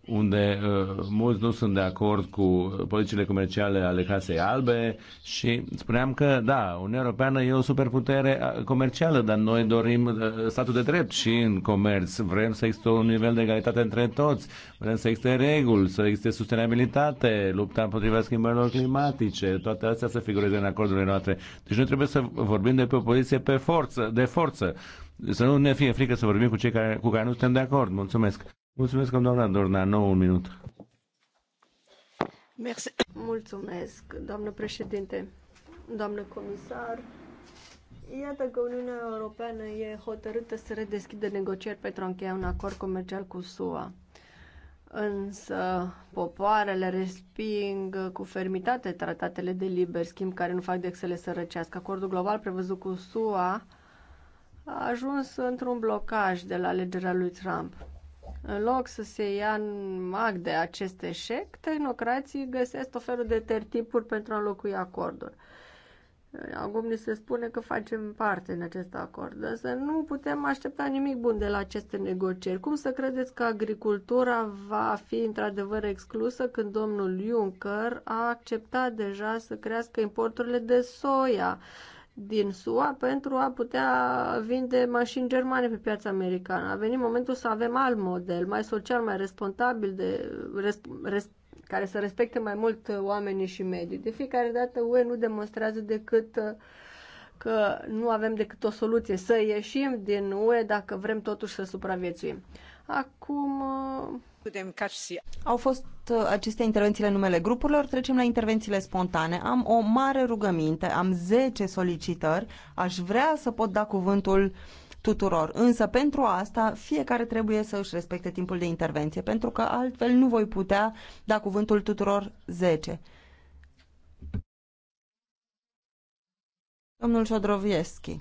unde uh, mulți nu sunt de acord cu politicile comerciale ale Casei Albe și spuneam că, da, Uniunea Europeană e o superputere uh, comercială, dar noi dorim uh, statul de drept și în comerț. Vrem să există un nivel de egalitate între toți, vrem să existe reguli, să existe sustenabilitate, lupta împotriva schimbărilor climatice, toate astea să figureze în acordurile noastre. Deci noi trebuie să vorbim de pe o poziție pe forță, de forță. Să nu ne fie frică să vorbim cu cei care, cu care nu suntem de acord. Mulțumesc! Mulțumesc, doamna Dorna, 9 un minut. Merci. Mulțumesc, doamnă președinte, doamnă comisar. Iată că Uniunea Europeană e hotărâtă să redeschidă negocieri pentru a încheia un acord comercial cu SUA. Însă popoarele resping cu fermitate tratatele de liber schimb care nu fac decât să le sărăcească. Acordul global prevăzut cu SUA a ajuns într-un blocaj de la alegerea lui Trump. În loc să se ia în mag de acest eșec, tehnocrații găsesc tot felul de tertipuri pentru a înlocui acordul. Acum ni se spune că facem parte în acest acord, însă nu putem aștepta nimic bun de la aceste negocieri. Cum să credeți că agricultura va fi într-adevăr exclusă când domnul Juncker a acceptat deja să crească importurile de soia? din SUA pentru a putea vinde mașini germane pe piața americană. A venit momentul să avem alt model, mai social, mai responsabil, de, res, res, care să respecte mai mult oamenii și mediul. De fiecare dată UE nu demonstrează decât uh, că nu avem decât o soluție, să ieșim din UE dacă vrem totuși să supraviețuim. Acum uh, au fost uh, aceste intervențiile în numele grupurilor, trecem la intervențiile spontane. Am o mare rugăminte, am 10 solicitări, aș vrea să pot da cuvântul tuturor. Însă pentru asta fiecare trebuie să își respecte timpul de intervenție, pentru că altfel nu voi putea da cuvântul tuturor 10. Domnul Șodrovieschi.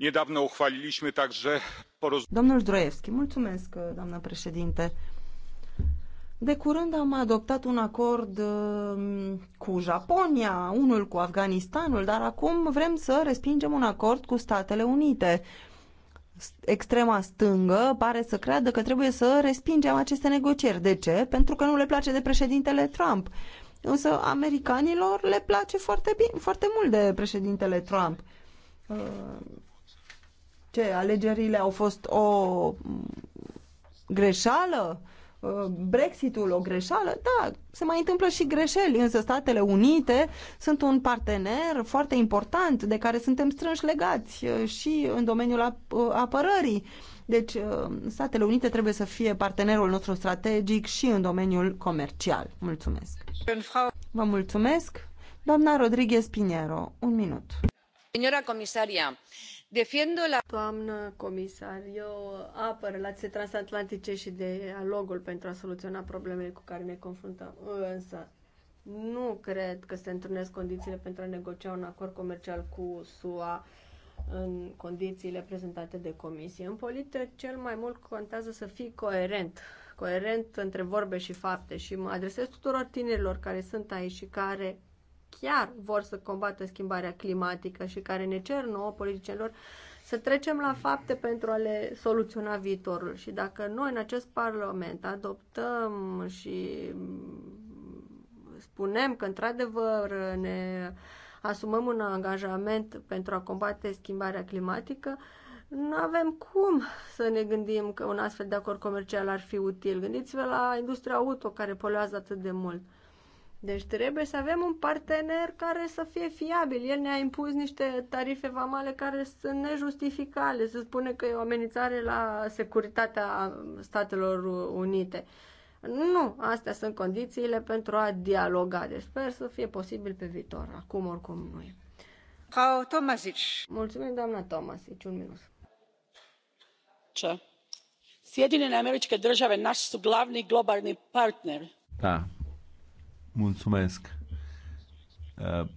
Niedawno uchwaliliśmy także Domnul mulțumesc, doamnă președinte. De curând am adoptat un acord um, cu Japonia, unul cu Afganistanul, dar acum vrem să respingem un acord cu Statele Unite. Extrema stângă pare să creadă că trebuie să respingem aceste negocieri. De ce? Pentru că nu le place de președintele Trump. Însă americanilor le place foarte, bine, foarte mult de președintele Trump. Uh, ce, alegerile au fost o greșeală? Uh, Brexitul o greșeală? Da, se mai întâmplă și greșeli, însă Statele Unite sunt un partener foarte important de care suntem strânși legați uh, și în domeniul uh, apărării. Deci, Statele Unite trebuie să fie partenerul nostru strategic și în domeniul comercial. Mulțumesc! Vă mulțumesc! Doamna Rodriguez Pinero, un minut. Señora comisaria, Defiendo la... Doamnă comisar, eu apăr relații transatlantice și dialogul pentru a soluționa problemele cu care ne confruntăm. Însă, nu cred că se întrunesc condițiile pentru a negocia un acord comercial cu SUA în condițiile prezentate de comisie. În politică, cel mai mult contează să fii coerent, coerent între vorbe și fapte și mă adresez tuturor tinerilor care sunt aici și care chiar vor să combată schimbarea climatică și care ne cer nouă politicienilor să trecem la fapte pentru a le soluționa viitorul. Și dacă noi în acest Parlament adoptăm și spunem că într-adevăr ne asumăm un angajament pentru a combate schimbarea climatică, nu avem cum să ne gândim că un astfel de acord comercial ar fi util. Gândiți-vă la industria auto care poluează atât de mult. Deci trebuie să avem un partener care să fie fiabil. El ne-a impus niște tarife vamale care sunt nejustificale. Se spune că e o amenințare la securitatea Statelor Unite. Nu, astea sunt condițiile pentru a dialoga. Deci sper să fie posibil pe viitor. Acum oricum nu e. Ca Tomasic. Mulțumim, doamna Tomasic. Un minut. Ce? Sjedinjene američke države naš su glavni globalni partner. Da, Mulțumesc. Uh,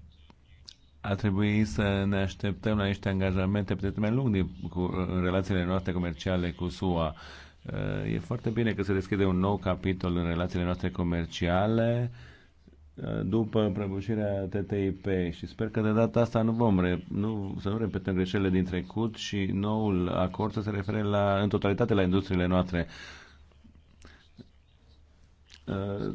a trebui să ne așteptăm la niște angajamente pe termen lung din, cu, în relațiile noastre comerciale cu SUA. Uh, e foarte bine că se deschide un nou capitol în relațiile noastre comerciale uh, după prăbușirea TTIP și sper că de data asta nu vom re, nu, să nu repetăm greșelile din trecut și noul acord să se refere la, în totalitate la industriile noastre. Uh,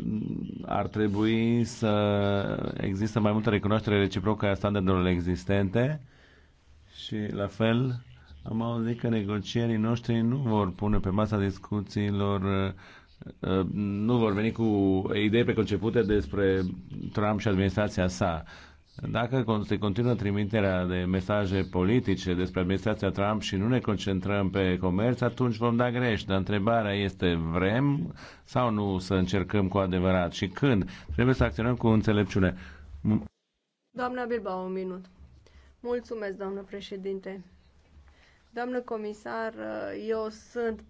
ar trebui să există mai multă recunoaștere reciprocă a standardelor existente și la fel am auzit că negocierii noștri nu vor pune pe masa discuțiilor uh, uh, nu vor veni cu idei preconcepute despre Trump și administrația sa. Dacă se continuă trimiterea de mesaje politice despre administrația Trump și nu ne concentrăm pe comerț, atunci vom da greș. Dar întrebarea este, vrem sau nu să încercăm cu adevărat și când? Trebuie să acționăm cu înțelepciune. Doamna Bilbao, un minut. Mulțumesc, doamnă președinte. Doamnă comisar, eu sunt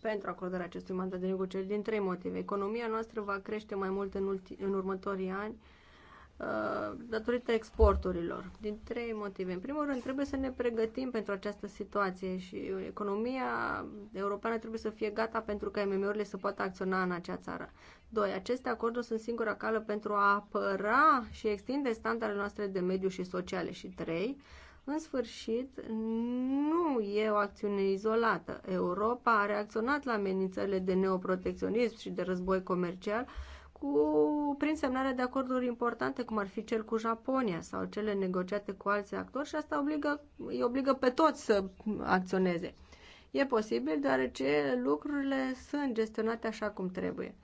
pentru acordarea acestui mandat de negocieri din trei motive. Economia noastră va crește mai mult în, ulti- în următorii ani, Uh, datorită exporturilor. Din trei motive. În primul rând, trebuie să ne pregătim pentru această situație și economia europeană trebuie să fie gata pentru ca MMO-urile să poată acționa în acea țară. Doi, aceste acorduri sunt singura cală pentru a apăra și extinde standardele noastre de mediu și sociale. Și trei, în sfârșit, nu e o acțiune izolată. Europa a reacționat la amenințările de neoprotecționism și de război comercial, cu, prin semnarea de acorduri importante, cum ar fi cel cu Japonia sau cele negociate cu alți actori și asta obligă, îi obligă pe toți să acționeze. E posibil deoarece lucrurile sunt gestionate așa cum trebuie.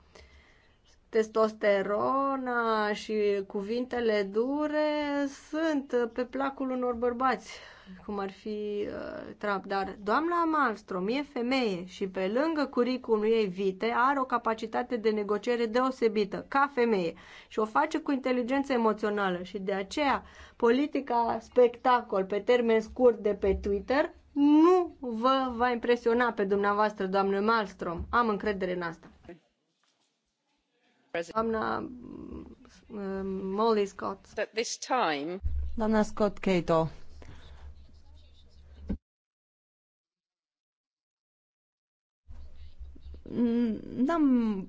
Testosterona și cuvintele dure sunt pe placul unor bărbați cum ar fi uh, Trump, dar doamna Malmstrom e femeie și pe lângă curicul ei vite are o capacitate de negociere deosebită ca femeie și o face cu inteligență emoțională și de aceea politica spectacol pe termen scurt de pe Twitter nu vă va impresiona pe dumneavoastră, doamnă Malmstrom. Am încredere în asta. Doamna uh, Molly Scott. Doamna Scott Cato,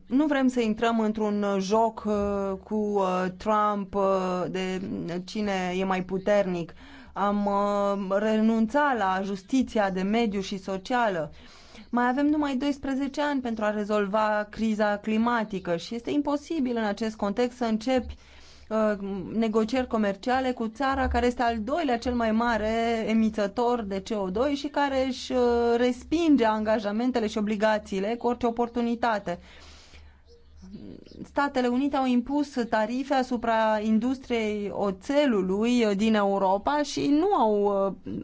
nu vrem să intrăm într-un joc uh, cu uh, Trump uh, de cine e mai puternic. Am uh, renunțat la justiția de mediu și socială. Mai avem numai 12 ani pentru a rezolva criza climatică și este imposibil în acest context să începi uh, Uh, negocieri comerciale cu țara care este al doilea cel mai mare emițător de CO2 și care își uh, respinge angajamentele și obligațiile cu orice oportunitate. Statele Unite au impus tarife asupra industriei oțelului uh, din Europa și nu au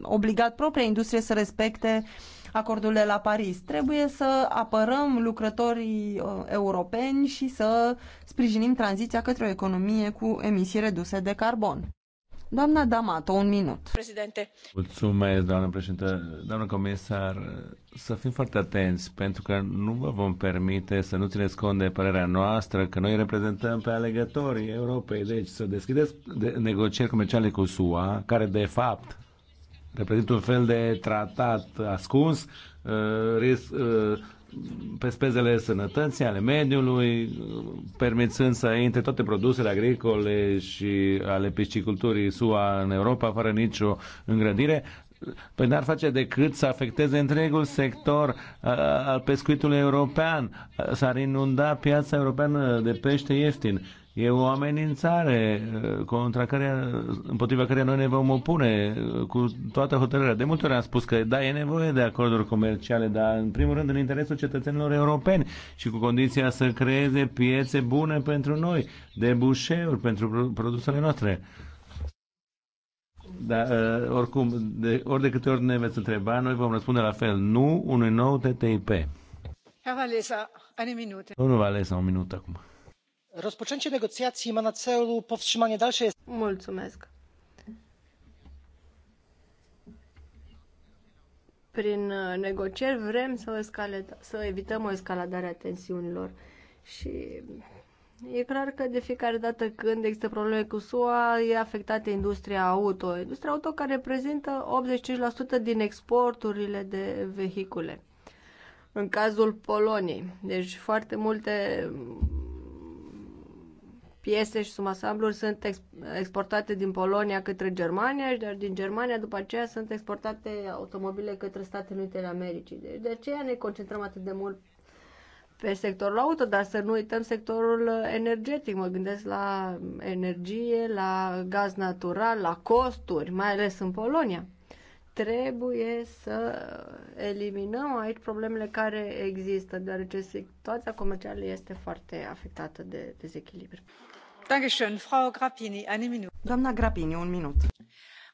obligat propria industrie să respecte acordul de la Paris. Trebuie să apărăm lucrătorii europeni și să sprijinim tranziția către o economie cu emisii reduse de carbon. Doamna Damato, un minut. Președinte. Mulțumesc, doamnă președinte, Doamnă comisar, să fim foarte atenți, pentru că nu vă vom permite să nu țineți cont de părerea noastră, că noi reprezentăm pe alegătorii Europei. Deci să deschideți de negocieri comerciale cu SUA, care de fapt reprezintă un fel de tratat ascuns, uh, risc, uh, pe spezele sănătății, ale mediului, permițând să intre toate produsele agricole și ale pisciculturii SUA în Europa fără nicio îngrădire, Păi n-ar face decât să afecteze întregul sector al pescuitului european, s-ar inunda piața europeană de pește ieftin E o amenințare uh, contra care, împotriva care noi ne vom opune uh, cu toată hotărârea. De multe ori am spus că da, e nevoie de acorduri comerciale, dar în primul rând în interesul cetățenilor europeni și cu condiția să creeze piețe bune pentru noi, de bușeuri pentru produsele noastre. Dar uh, oricum, de, ori de câte ori ne veți întreba, noi vom răspunde la fel, nu unui nou TTIP. Domnul Valesa, un minut acum rozpoczęcie negocjacji ma na celu powstrzymanie dalszej. Mulțumesc. Prin uh, negocieri vrem să, să evităm o escaladare a tensiunilor și E clar că de fiecare dată când există probleme cu SUA, e afectată industria auto. Industria auto care reprezintă 85% din exporturile de vehicule. În cazul Poloniei. Deci foarte multe piese și sumasambluri sunt exportate din Polonia către Germania și dar din Germania după aceea sunt exportate automobile către Statele Unite ale Americii. Deci de aceea ne concentrăm atât de mult pe sectorul auto, dar să nu uităm sectorul energetic. Mă gândesc la energie, la gaz natural, la costuri, mai ales în Polonia. Trebuie să eliminăm aici problemele care există, deoarece situația comercială este foarte afectată de dezechilibru doamnă grapini un minut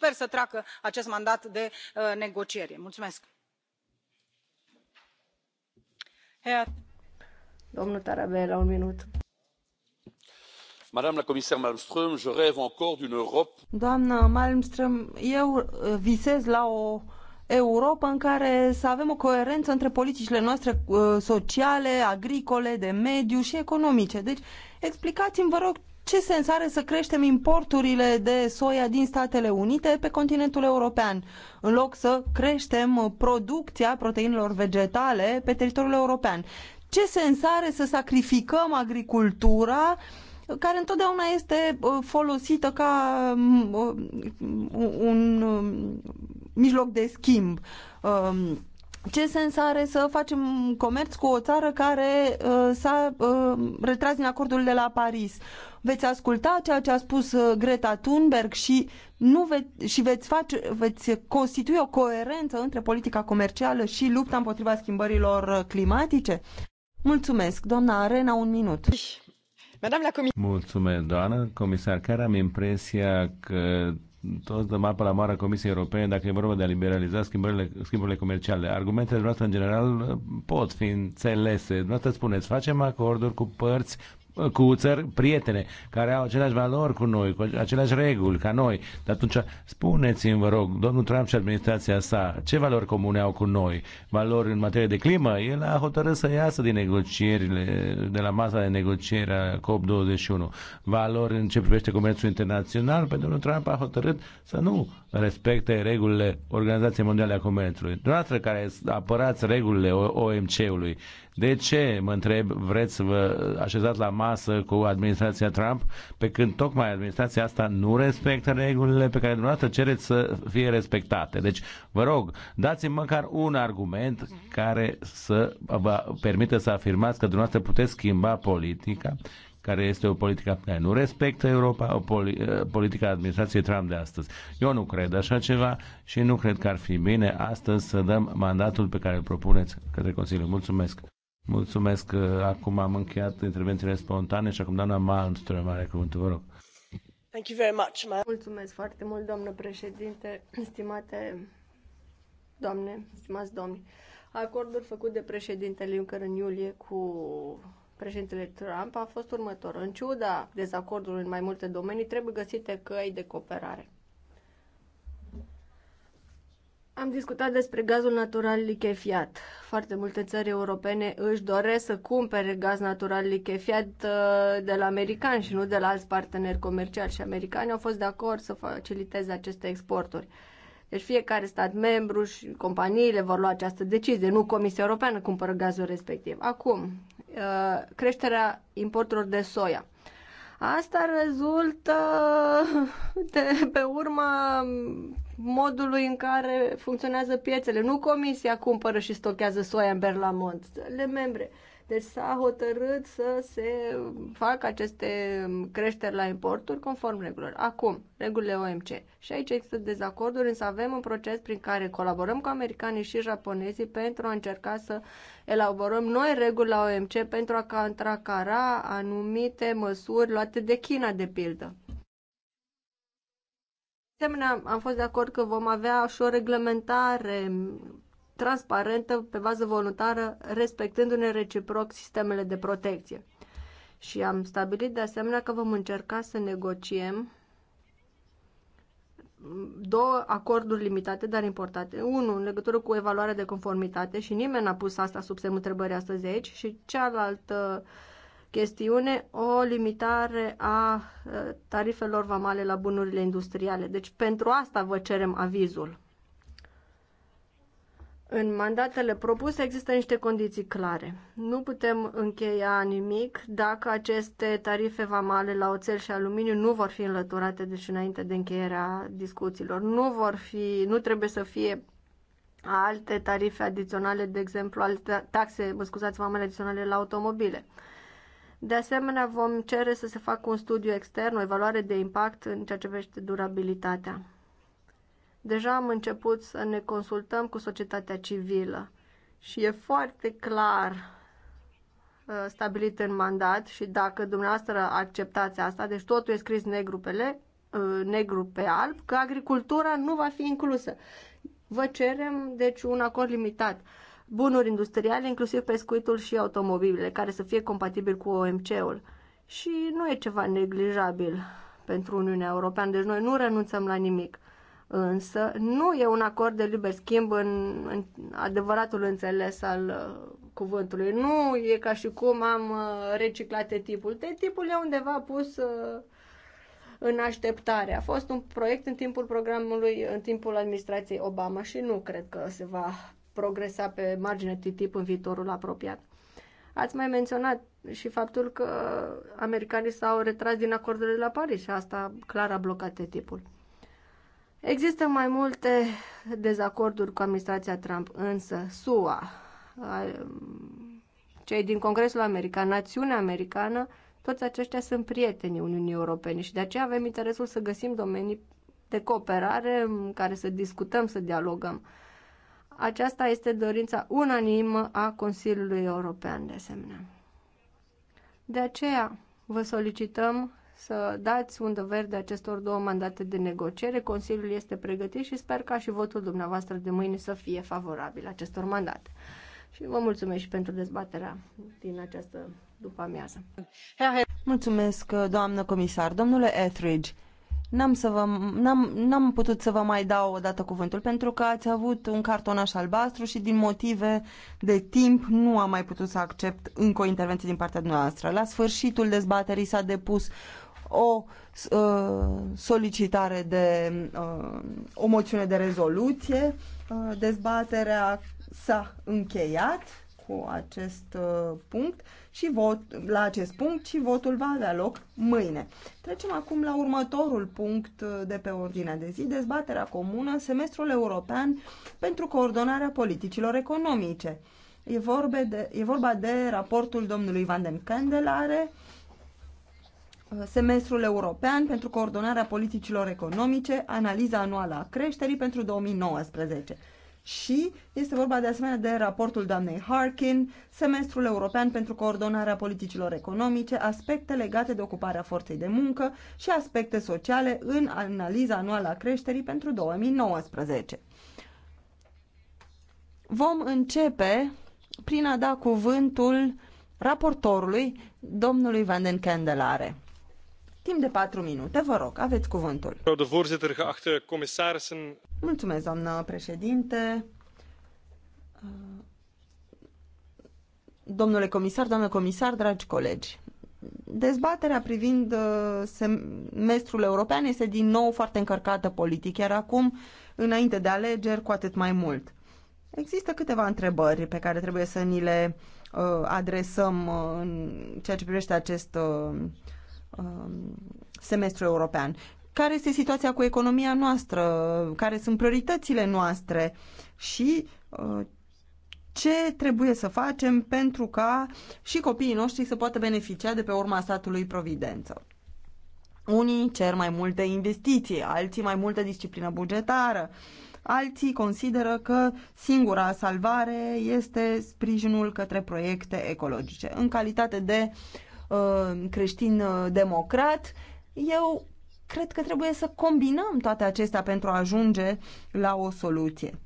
sper să treacă acest mandat de uh, negociere. mulțumesc. la doamnă malmstrm eu uh, visez la o Europa în care să avem o coerență între politicile noastre uh, sociale, agricole, de mediu și economice. Deci, explicați-mi, vă rog, ce sens are să creștem importurile de soia din Statele Unite pe continentul european, în loc să creștem uh, producția proteinelor vegetale pe teritoriul european? Ce sens are să sacrificăm agricultura uh, care întotdeauna este uh, folosită ca um, un um, mijloc de schimb? Um, ce sens are să facem comerț cu o țară care uh, s-a uh, retras din acordul de la Paris? Veți asculta ceea ce a spus uh, Greta Thunberg și, nu ve- și veți, face, veți constitui o coerență între politica comercială și lupta împotriva schimbărilor uh, climatice? Mulțumesc, doamna Arena, un minut. Mulțumesc, doamnă comisar. Care am impresia că toți dăm apă la moara Comisiei Europene dacă e vorba de a liberaliza schimbările, schimburile comerciale. Argumentele noastre, în general, pot fi înțelese. Dumneavoastră spuneți, facem acorduri cu părți cu țări prietene, care au aceleași valori cu noi, cu aceleași reguli ca noi. Dar atunci spuneți-mi, vă rog, domnul Trump și administrația sa, ce valori comune au cu noi? Valori în materie de climă? El a hotărât să iasă din negocierile, de la masa de negociere a COP21. Valori în ce privește comerțul internațional? Pe domnul Trump a hotărât să nu respecte regulile Organizației Mondiale a Comerțului. Dumneavoastră care apărați regulile OMC-ului, de ce, mă întreb, vreți să vă așezați la masă cu administrația Trump, pe când tocmai administrația asta nu respectă regulile pe care dumneavoastră cereți să fie respectate? Deci, vă rog, dați-mi măcar un argument care să vă permită să afirmați că dumneavoastră puteți schimba politica, care este o politică care nu respectă Europa, o poli- eh, politică a administrației Trump de astăzi. Eu nu cred așa ceva și nu cred că ar fi bine astăzi să dăm mandatul pe care îl propuneți către Consiliu. Mulțumesc! Mulțumesc că eh, acum am încheiat intervențiile spontane și acum doamna Malmström are cuvântul, vă rog. Thank you very much, ma. Mulțumesc foarte mult, doamnă președinte, [CLEARS THROAT] stimate doamne, stimați domni. Acordul făcut de președintele Juncker în iulie cu președintele Trump a fost următorul. În ciuda dezacordului în mai multe domenii, trebuie găsite căi de cooperare. Am discutat despre gazul natural lichefiat. Foarte multe țări europene își doresc să cumpere gaz natural lichefiat uh, de la americani și nu de la alți parteneri comerciali și americani au fost de acord să faciliteze aceste exporturi. Deci fiecare stat membru și companiile vor lua această decizie, nu Comisia Europeană cumpără gazul respectiv. Acum, uh, creșterea importurilor de soia. Asta rezultă de pe urma modului în care funcționează piețele. Nu comisia cumpără și stochează soia în Berlamont, Le membre. Uh, deci s-a hotărât să se facă aceste creșteri la importuri conform regulilor. Acum, regulile OMC. Și aici există dezacorduri, însă avem un proces prin care colaborăm cu americanii și japonezii pentru a încerca să elaborăm noi reguli la OMC pentru a contracara anumite măsuri luate de China, de pildă. De asemenea, am fost de acord că vom avea și o reglementare transparentă, pe bază voluntară, respectându-ne reciproc sistemele de protecție. Și am stabilit de asemenea că vom încerca să negociem două acorduri limitate, dar importante. Unul în legătură cu evaluarea de conformitate și nimeni n-a pus asta sub semnul întrebării astăzi aici și cealaltă chestiune, o limitare a tarifelor vamale la bunurile industriale. Deci pentru asta vă cerem avizul. În mandatele propuse există niște condiții clare. Nu putem încheia nimic dacă aceste tarife vamale la oțel și aluminiu nu vor fi înlăturate deci înainte de încheierea discuțiilor. Nu vor fi, nu trebuie să fie alte tarife adiționale, de exemplu, alte taxe, mă scuzați, vamale adiționale la automobile. De asemenea, vom cere să se facă un studiu extern, o evaluare de impact în ceea ce privește durabilitatea. Deja am început să ne consultăm cu societatea civilă și e foarte clar uh, stabilit în mandat și dacă dumneavoastră acceptați asta, deci totul e scris negru pe, le, uh, negru pe alb, că agricultura nu va fi inclusă. Vă cerem, deci, un acord limitat. Bunuri industriale, inclusiv pescuitul și automobilele, care să fie compatibil cu OMC-ul. Și nu e ceva neglijabil pentru Uniunea Europeană, deci noi nu renunțăm la nimic însă nu e un acord de liber schimb în, în adevăratul înțeles al uh, cuvântului. Nu e ca și cum am uh, reciclat tipul. De tipul e undeva pus uh, în așteptare. A fost un proiect în timpul programului, în timpul administrației Obama și nu cred că se va progresa pe marginea TTIP în viitorul apropiat. Ați mai menționat și faptul că americanii s-au retras din acordurile de la Paris și asta clar a blocat tipul. Există mai multe dezacorduri cu administrația Trump, însă SUA, cei din Congresul American, națiunea americană, toți aceștia sunt prietenii Uniunii Europene și de aceea avem interesul să găsim domenii de cooperare în care să discutăm, să dialogăm. Aceasta este dorința unanimă a Consiliului European de asemenea. De aceea vă solicităm să dați undă verde acestor două mandate de negociere. Consiliul este pregătit și sper ca și votul dumneavoastră de mâine să fie favorabil acestor mandate. Și vă mulțumesc și pentru dezbaterea din această după amiază. Mulțumesc, doamnă comisar. Domnule Etheridge, n-am, să vă, n-am, n-am putut să vă mai dau o dată cuvântul pentru că ați avut un cartonaș albastru și din motive de timp nu am mai putut să accept încă o intervenție din partea noastră. La sfârșitul dezbaterii s-a depus o uh, solicitare de uh, o moțiune de rezoluție. Uh, dezbaterea s-a încheiat cu acest punct și vot, la acest punct și votul va avea loc mâine. Trecem acum la următorul punct de pe ordinea de zi, dezbaterea comună, semestrul european pentru coordonarea politicilor economice. E, vorbe de, e vorba de raportul domnului Van den uh, Uh, semestrul european pentru coordonarea politicilor economice, analiza anuală a creșterii pentru 2019. Și este vorba de asemenea de raportul doamnei Harkin, semestrul european pentru coordonarea politicilor economice, aspecte legate de ocuparea forței de muncă și aspecte sociale în analiza anuală a creșterii pentru 2019. Vom începe prin a da cuvântul raportorului, domnului Van den Candelare. Timp de patru minute, vă rog, aveți cuvântul. Mulțumesc, doamnă președinte. Uh, domnule comisar, doamnă comisar, dragi colegi, dezbaterea privind uh, semestrul european este din nou foarte încărcată politic, iar acum, înainte de alegeri, cu atât mai mult. Există câteva întrebări pe care trebuie să ni le uh, adresăm uh, în ceea ce privește acest uh, Um, semestru european. Care este situația cu economia noastră? Care sunt prioritățile noastre? Și uh, ce trebuie să facem pentru ca și copiii noștri să poată beneficia de pe urma statului providență? Unii cer mai multe investiții, alții mai multă disciplină bugetară, alții consideră că singura salvare este sprijinul către proiecte ecologice. În calitate de uh, Uh, creștin-democrat. Uh, eu cred că trebuie să combinăm toate acestea pentru a ajunge la o soluție.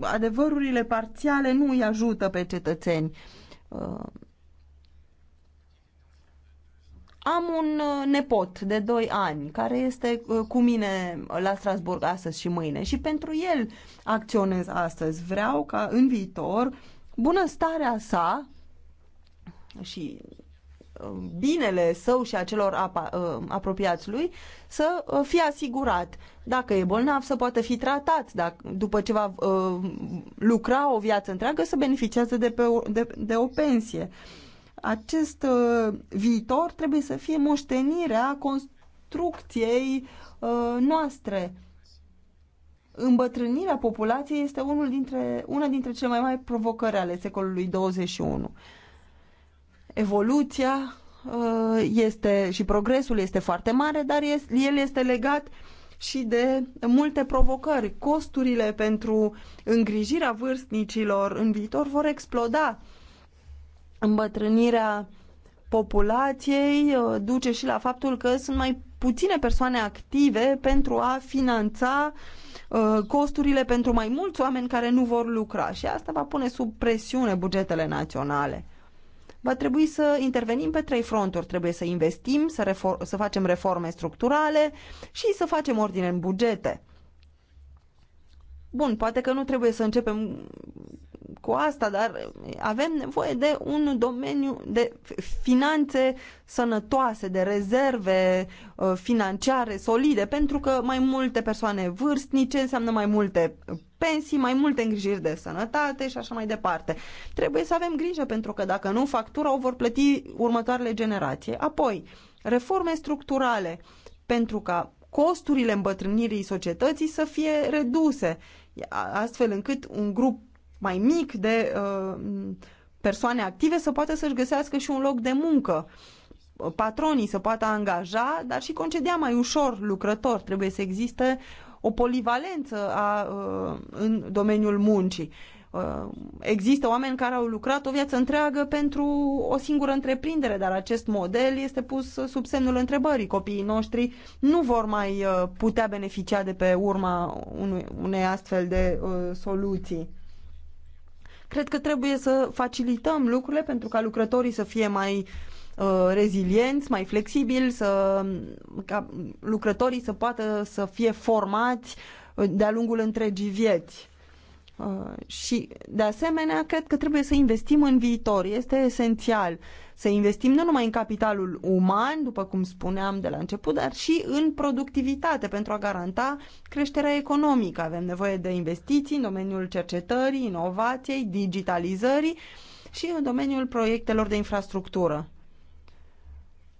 Adevărurile parțiale nu îi ajută pe cetățeni. Uh, am un nepot de 2 ani care este cu mine la Strasburg astăzi și mâine și pentru el acționez astăzi. Vreau ca în viitor bunăstarea sa și um, binele său și a celor apa, um, apropiați lui să uh, fie asigurat. Dacă e bolnav, să poată fi tratat. Dacă, după ce va uh, lucra o viață întreagă, să beneficiază de, pe o, de, de o pensie. Acest uh, viitor trebuie să fie moștenirea construcției noastre. Îmbătrânirea populației este unul dintre, una dintre cele mai mari provocări ale secolului 21 evoluția uh, este și progresul este foarte mare, dar el este legat și de multe provocări. Costurile pentru îngrijirea vârstnicilor în viitor vor exploda. Îmbătrânirea populației uh, duce și la faptul că sunt mai puține persoane active pentru a finanța uh, costurile pentru mai mulți oameni care nu vor lucra și asta va pune sub presiune bugetele naționale va trebui să intervenim pe trei fronturi. Trebuie să investim, să, refor- să facem reforme structurale și să facem ordine în bugete. Bun, poate că nu trebuie să începem cu asta, dar avem nevoie de un domeniu de finanțe sănătoase, de rezerve uh, financiare solide, pentru că mai multe persoane vârstnice înseamnă mai multe pensii, mai multe îngrijiri de sănătate și așa mai departe. Trebuie să avem grijă pentru că dacă nu, factura o vor plăti următoarele generații. Apoi, reforme structurale pentru ca costurile îmbătrânirii societății să fie reduse, astfel încât un grup mai mic de uh, persoane active să poată să-și găsească și un loc de muncă. Patronii să poată angaja, dar și concedea mai ușor lucrător. Trebuie să existe o polivalență a, uh, în domeniul muncii. Uh, există oameni care au lucrat o viață întreagă pentru o singură întreprindere, dar acest model este pus sub semnul întrebării. Copiii noștri nu vor mai uh, putea beneficia de pe urma unui, unei astfel de uh, soluții Cred că trebuie să facilităm lucrurile pentru ca lucrătorii să fie mai uh, rezilienți, mai flexibili, să, ca lucrătorii să poată să fie formați uh, de-a lungul întregii vieți. Uh, și, de asemenea, cred că trebuie să investim în viitor. Este esențial să investim nu numai în capitalul uman, după cum spuneam de la început, dar și în productivitate pentru a garanta creșterea economică. Avem nevoie de investiții în domeniul cercetării, inovației, digitalizării și în domeniul proiectelor de infrastructură.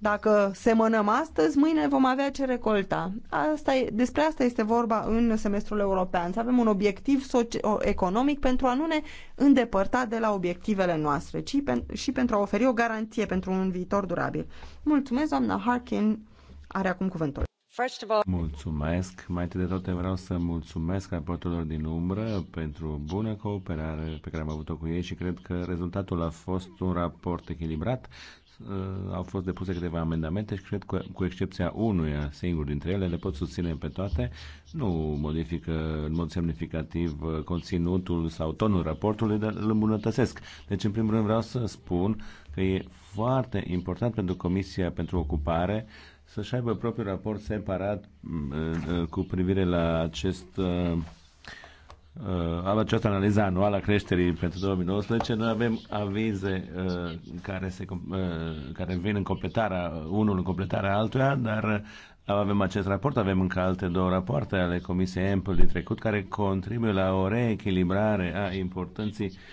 Dacă semănăm astăzi, mâine vom avea ce recolta. Asta e, despre asta este vorba în semestrul european. Să avem un obiectiv economic pentru a nu ne îndepărta de la obiectivele noastre, ci pen, și pentru a oferi o garanție pentru un viitor durabil. Mulțumesc, doamna Harkin. Are acum cuvântul. Mulțumesc. Mai întâi de toate vreau să mulțumesc raportorilor din umbră pentru bună cooperare pe care am avut-o cu ei și cred că rezultatul a fost un raport echilibrat Uh, au fost depuse câteva amendamente și cred că cu excepția unuia singur dintre ele le pot susține pe toate. Nu modifică în mod semnificativ uh, conținutul sau tonul raportului, dar îl îmbunătățesc. Deci, în primul rând, vreau să spun că e foarte important pentru Comisia pentru Ocupare să-și aibă propriul raport separat mm, uh, cu privire la acest uh, această analiză anuală a creșterii pentru 2019, noi avem avize uh, care, se, uh, care vin în completarea, unul în completarea altuia, dar uh, avem acest raport, avem încă alte două rapoarte ale Comisiei Ample din trecut care contribuie la o reechilibrare a importanții uh,